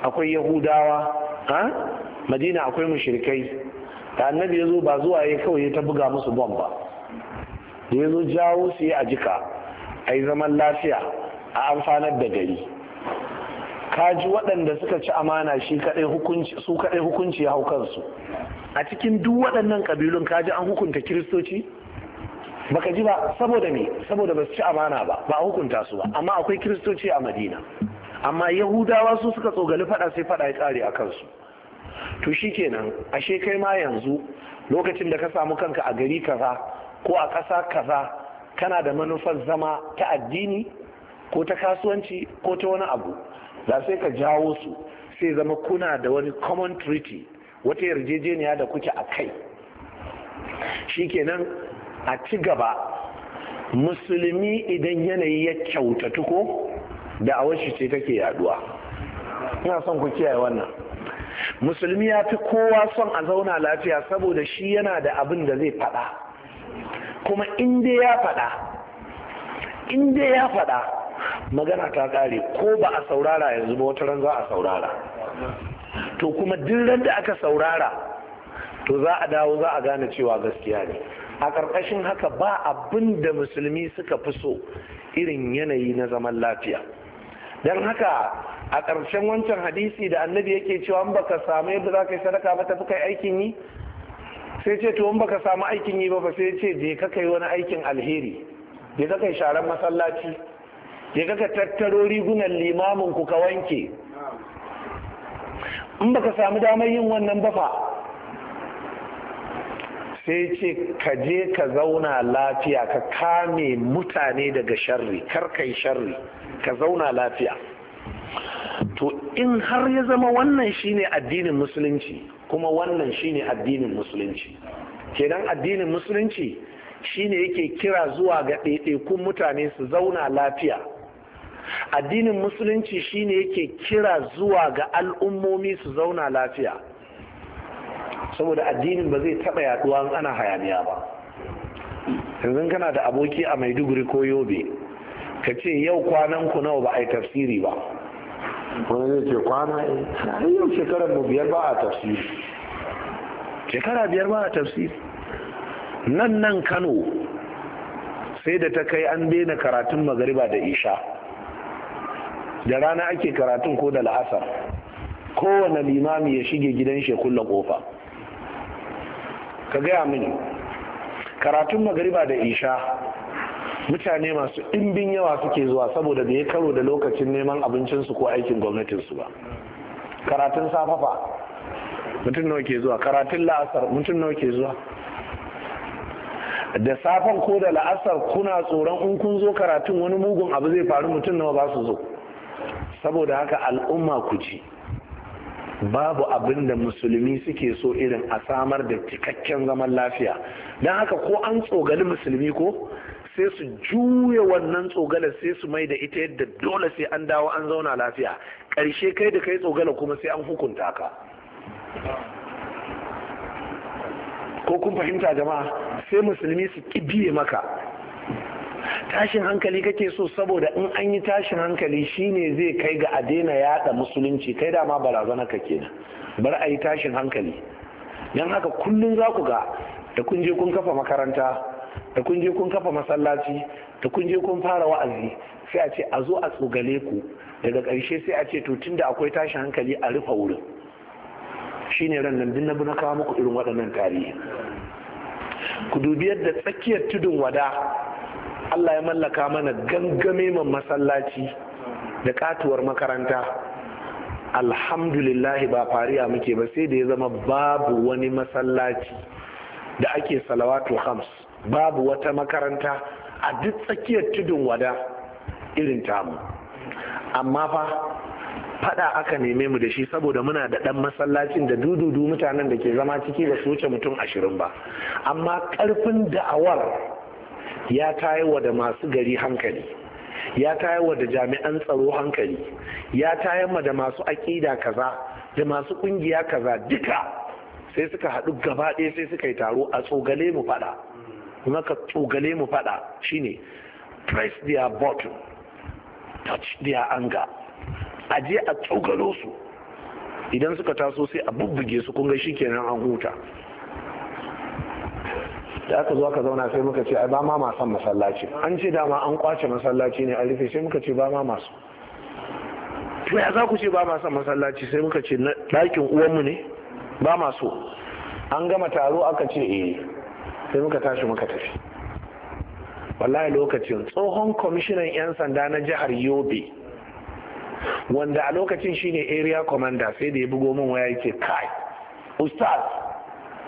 akwai yahudawa madina akwai mushrikai da annabi ya zo ba zuwa ya kawai ta buga musu bom ba ya zo jawo su yi a jika a yi zaman lafiya a amfanar da gari kaji waɗanda suka ci amana shi su kaɗai hukunci ya hau kansu a cikin duk waɗannan ƙabilun kaji an hukunta kiristoci baka ji ba saboda me saboda ba su ci amana ba ba a hukunta su ba amma akwai kiristoci a madina amma yahudawa su suka tsogali faɗa sai faɗa ya ƙare a kansu to shi shikenan ashe kai ma yanzu lokacin da ka samu kanka a gari kaza ko a ƙasa kaza kana da manufar zama ta addini ko ta kasuwanci ko ta wani abu da sai ka jawo su sai zama kuna da wani common treaty wata yarjejeniya da kuke a kai Shi shikenan a ci gaba musulmi idan yanayi ya kyautatu ko da a ce take yaduwa ina son ku kiyaye wannan musulmi ya fi kowa son a zauna lafiya saboda shi yana da abin da zai faɗa kuma in ya faɗa in ya faɗa magana ta ƙare ko ba a saurara yanzu ba wata ran za a saurara to kuma duk da aka saurara to za a dawo za a gane cewa gaskiya ne a ƙarƙashin haka ba abin da musulmi suka fi so irin yanayi na zaman lafiya don haka a ƙarshen wancan hadisi da annabi yake cewa in baka samu yadda za ka yi sadaka ba tafi kai aikin yi sai ce to in baka samu aikin yi ba ba sai ce je ka kai wani aikin alheri je ka kai sharan masallaci je ka tattaro rigunan limamin ku ka wanke in baka samu damar yin wannan bafa sai ce ka je ka zauna lafiya ka kame mutane daga sharri kar kai sharri ka zauna lafiya to in har ya zama wannan shine addinin musulunci kuma wannan shine addinin musulunci kenan addinin musulunci shine yake kira zuwa ga ɗaiɗaikun mutane su zauna lafiya addinin musulunci shine yake kira zuwa ga al'ummomi su zauna lafiya saboda addinin ba zai taɓa yaduwa ana hayaniya ba yanzu kana da aboki a maiduguri ko yobe ka ce yau kwanan ku nawa ba a yi tafsiri ba wani zai ce kwana eh. a yau shekarar mu biyar ba a tafsiri shekara biyar ba a tafsiri nan nan kano sai da ta kai an daina karatun magariba da isha da rana ake karatun ko da la'asar kowane limami ya shige gidan shi kofa ka gaya mini karatun magariba da isha mutane masu ɗimbin yawa suke zuwa saboda bai karo da lokacin neman abincinsu ko aikin gwamnatinsu ba karatun safafa mutum nawa ke zuwa karatun la'asar mutum nawa ke zuwa da safen ko da la'asar kuna tsoron in kun zo karatun wani mugun abu zai faru mutum nawa ba su zo saboda haka al'umma ku ci babu abin da musulmi suke so irin a samar da cikakken zaman lafiya don haka ko an tsogali musulmi ko sai su juya wannan tsogalar sai su mai da ita yadda dole sai an dawo an zauna lafiya ƙarshe kai da kai tsogala kuma sai an hukunta ka ko kun fahimta jama'a sai musulmi su kibiye maka tashin hankali kake so saboda in an yi tashin hankali shine zai kai ga a daina yada musulunci kai dama barazana ka kenan bar a yi tashin hankali don haka kullum za ku ga da kun je kun kafa makaranta da kun je kun kafa masallaci da kun je kun fara wa'azi sai a ce a zo a tsogale ku daga ƙarshe sai a ce to tunda akwai tashin hankali a rufe wurin shine ran nan din na kawo muku irin waɗannan tarihi ku dubi yadda tsakiyar tudun wada Allah ya mallaka mana gangame masallaci da katuwar makaranta alhamdulillahi ba fariya muke ba sai da ya zama babu wani masallaci da ake salawatu hams babu wata makaranta a duk tsakiyar tudun wada irin tamu amma fa fada aka neme mu da shi saboda muna da ɗan masallacin da dududu mutanen da ke zama ciki ba su wuce mutum ashirin ba amma karfin da'awar ya wa da masu gari hankali ya wa da jami'an tsaro hankali ya ma da masu aƙida kaza da masu ƙungiya kaza duka sai suka haɗu gaba ɗaya sai suka yi taro a tsogale mu fada kuma ka tsogale mu fada shine press their button touch their anger a je a tsogalo su idan suka taso sai a bubbuge su kunga shikenan an huta da aka zo aka zauna sai muka ce ai ba ma masan masallaci an ce dama an kwace masallaci ne a rufe sai muka ce ba ma masu to ya za ku ce ba ma masallaci sai muka ce ɗakin uwanmu ne ba ma so an gama taro aka ce eh sai muka tashi muka tafi wallahi lokacin tsohon kwamishinan 'yan sanda na jihar yobe wanda a lokacin shine area commander sai da ya bugo min waya yake kai ustaz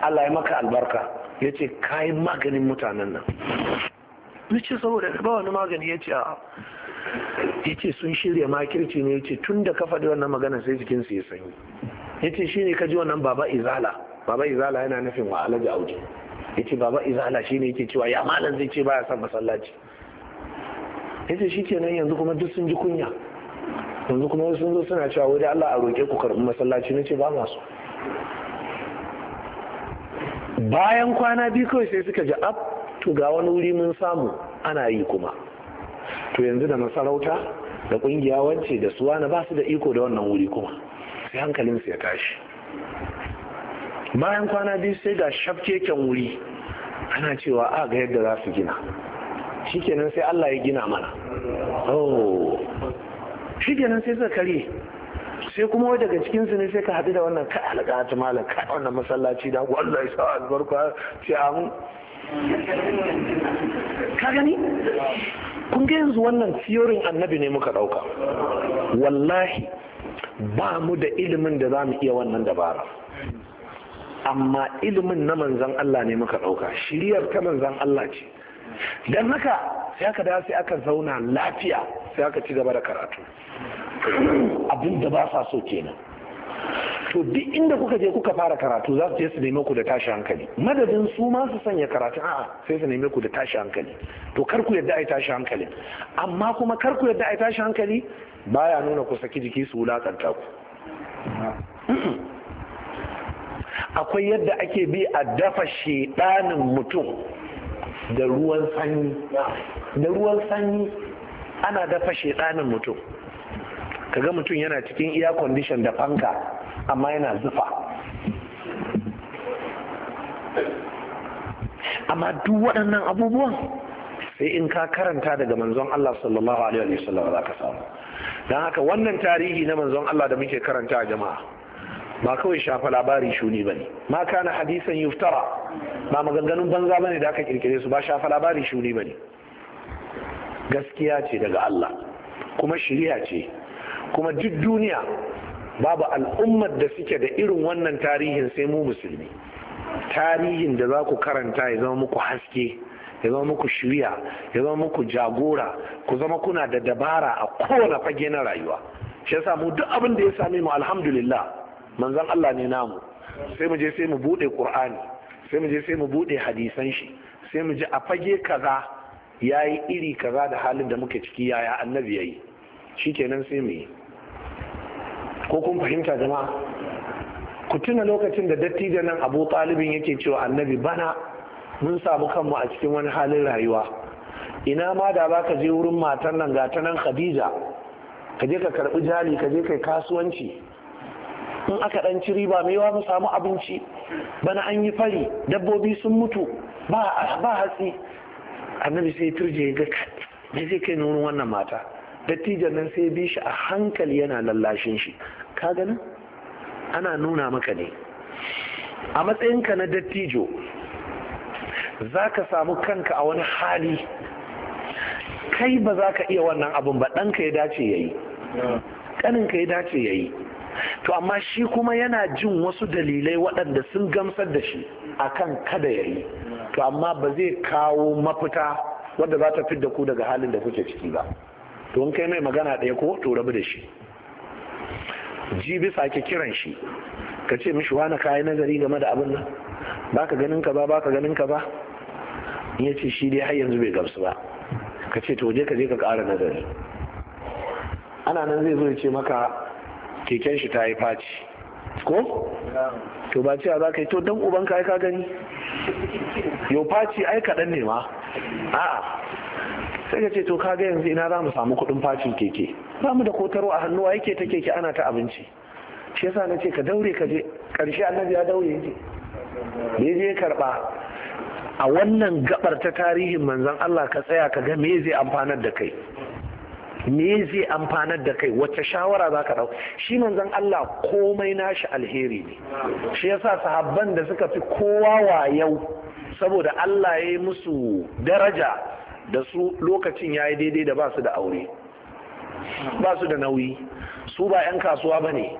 allah ya maka albarka ya ce kai maganin mutanen nan ya ce saboda ba wani magani ya ce a ya sun shirya makirci ne yace ce tun da ka faɗi wannan magana sai jikinsu ya sanyi Yace ce shine ka ji wannan baba izala baba izala yana nufin wa alaji auje yace baba izala shi shine yake cewa ya malam zai ce baya son masallaci yace shikenan yanzu kuma duk sun ji kunya yanzu kuma sun zo suna cewa wai Allah a roƙe ku karɓi masallaci na ce ba masu bayan kwana biyu kawai sai suka ji ab to ga wani wuri mun samu ana yi kuma to yanzu da masarauta da kungiya wance da suwa na ba su da iko da wannan wuri kuma sai hankalinsu ya tashi bayan kwana biyu sai ga shafkeken wuri ana cewa a ga yadda za su gina shikenan sai Allah ya gina mana oh shikenan sai suka kare sai kuma wai daga cikin su ne sai ka haɗu da wannan kai ta malam kai wannan masallaci da ku Allah ya sa albarka ce amu ka gani kun ga yanzu wannan siyorin annabi ne muka ɗauka wallahi ba mu da ilimin da za mu iya wannan dabara amma ilimin na manzan Allah ne muka ɗauka shiriyar ta manzan Allah ce don haka sai aka da sai aka zauna lafiya sai aka ci gaba da karatu abin da ba sa so kenan to duk inda kuka je kuka fara karatu za su je su neme ku da tashi hankali madadin su ma su sanya karatu a'a sai su neme ku da tashi hankali to kar ku yadda ai tashi hankali amma kuma kar ku yadda ai tashi hankali baya nuna ku saki jiki su wulakanta ku akwai yadda ake bi a dafa shedanin mutum da ruwan sanyi da ruwan sanyi ana dafa shedanin mutum kaga mutum yana cikin iya condition da fanka amma yana zufa amma duk waɗannan abubuwan sai in ka karanta daga manzon Allah sallallahu alaihi wasallam za ka samu don haka wannan tarihi na manzon Allah da muke karanta jama'a ba kawai shafa labari shuni ba ne ma kana hadisan yuftara ba maganganun banza ba ne da aka kirkire su ba shafa labari shuni ba ne gaskiya ce daga Allah kuma shiriya ce kuma duk duniya babu al'ummar da suke da irin wannan tarihin sai mu musulmi tarihin da za ku karanta ya zama muku haske ya zama muku shirya ya zama muku jagora ku zama kuna da dabara a kowane fage na rayuwa shi yasa mu duk abin da ya same mu alhamdulillah manzon Allah ne namu sai mu je sai mu bude qur'ani sai mu je sai mu bude hadisan shi sai mu ji a fage kaza yayi iri kaza da halin da muke ciki yaya annabi yayi shikenan sai mu yi ko kun fahimta jama'a ku tuna lokacin da dattijo nan Abu Talibin yake cewa annabi bana mun samu kanmu a cikin wani halin rayuwa ina ma da ba ka je wurin matan nan gata nan Khadija ka je ka karbi jali ka je kai kasuwanci in aka dan ci riba mai yawa mu samu abinci bana an yi fari dabbobi sun mutu ba hatsi annabi sai turje ga kai zai kai nuna wannan mata dattijan nan sai bi shi a hankali yana lallashin shi ka ganin ana nuna maka ne a matsayinka na dattijo za ka samu kanka a wani hali kai ba za ka iya wannan abin ba ɗanka ya dace ya yi ƙaninka ya dace ya yi to amma shi kuma yana jin wasu dalilai waɗanda sun gamsar da shi akan kada ya yi to amma ba zai kawo mafita wadda za ta fi da ku daga halin da kuke ciki ba to in kai mai magana ɗaya ko to rabu da shi ji bisa ke kiran shi ka ce mishi wani kayi nazari game da abin nan ba ka ganin ka ba ba ka ganin ka ba ya shi dai har yanzu bai gamsu ba ka ce to je ka je ka ƙara nazari ana nan zai zo ya ce maka keken shi ta yi faci ko? to ba cewa za ka yi to don ubanka ka ka gani yau faci ai kaɗan ne ma a'a sai ka ce to ka ga yanzu ina za mu samu kuɗin facin keke ba mu da kotaro a hannuwa yake ta keke ana ta abinci shi yasa na ce ka daure ka je ƙarshe annabi ya daure ya je ya je karɓa a wannan gabar ta tarihin manzan Allah ka tsaya ka ga me zai amfanar da kai me zai amfanar da kai wacce shawara za ka ɗau shi manzon Allah komai nashi alheri ne shi yasa sahabban da suka fi kowa wa yau saboda Allah ya yi musu daraja da su lokacin ya yi daidai da ba su da aure ba su da nauyi su ba 'yan kasuwa ba ne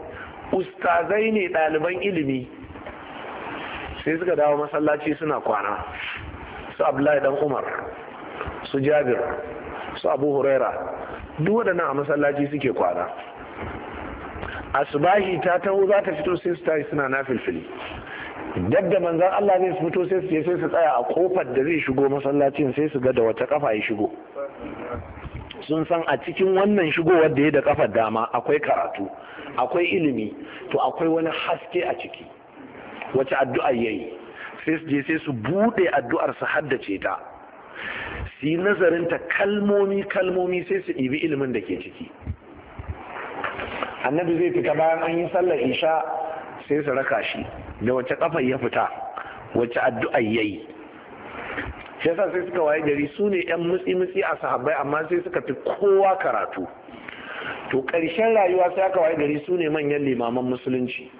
ustazai ne ɗaliban ilimi sai suka dawo masallaci suna kwana su abdullahi dan umar su jabir su abu huraira duk waɗannan a masallaci suke kwana asbahi ta taho za ta fito sai su tashi suna na filfili Duk da manzan Allah zai fito sai su je sai su tsaya a kofar da zai shigo masallacin sai su ga da wata kafa ya shigo sun san a cikin wannan shigowar da ya da kafar dama akwai karatu akwai ilimi to akwai wani haske a ciki wace addu'ar yayi sai su je sai su bude addu'ar su haddace ta su yi nazarinta kalmomi-kalmomi sai su ɗibi ilimin da ke ciki annabi zai fita bayan an yi sallar isha sai su raka shi da wacce kafar ya fita wacce addu'ar ya yi shi yasa sai suka waye gari su ne yan mutsi-mutsi a sahabbai amma sai suka fi kowa karatu to ƙarshen rayuwa sai aka waye gari su ne manyan limaman musulunci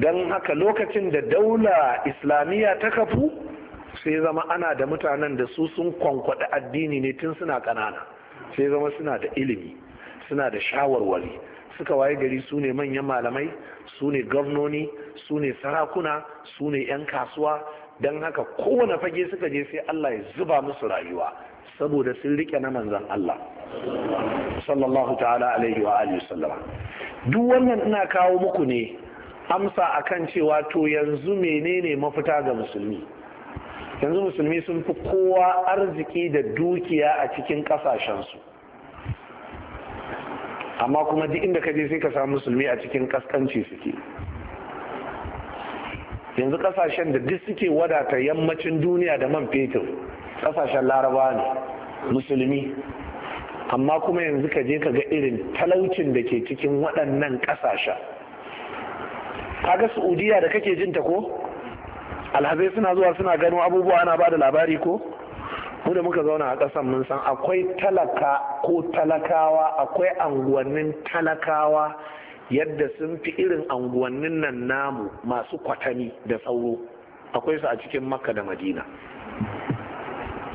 don haka lokacin da daula islamiyya ta kafu sai zama ana da mutanen da su sun kwankwada addini ne tun suna ƙanana sai zama suna da ilimi suna da shawarwari suka waye gari su ne manyan malamai su ne gwamnoni su ne sarakuna su ne 'yan kasuwa don haka kowane fage suka je sai Allah ya zuba musu rayuwa saboda sun rike na manzan Allah sallallahu ta'ala alaihi wa alihi sallama duk wannan ina kawo muku ne amsa akan cewa to yanzu menene mafita ga musulmi yanzu musulmi sun fi kowa arziki da dukiya a cikin kasashensu amma kuma duk inda ka je sai ka samu musulmi a cikin kaskanci suke yanzu kasashen da duk suke wadata yammacin duniya da man fetur kasashen laraba ne musulmi amma kuma yanzu ka je ka ga irin talaucin da ke cikin waɗannan kasashen kaga saudiya da kake jinta ko alhazai suna zuwa suna gano abubuwa ana ba da labari ko mu da muka zauna a ƙasan mun san akwai talaka ko talakawa akwai anguwannin talakawa yadda sun fi irin anguwannin nan namu masu kwatani da sauro akwai su a cikin makka da madina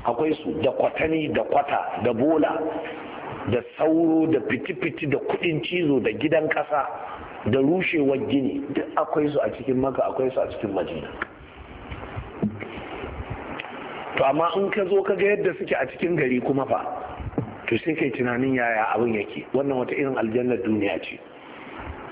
akwai su da kwatani da kwata da bola da sauro da fitifiti da kudin cizo da gidan ƙasa da rushewar gini duk akwai su a cikin maka akwai su a cikin madina to amma in ka zo ka ga yadda suke a cikin gari kuma fa to sai kai tunanin yaya abin yake wannan wata irin aljannar duniya ce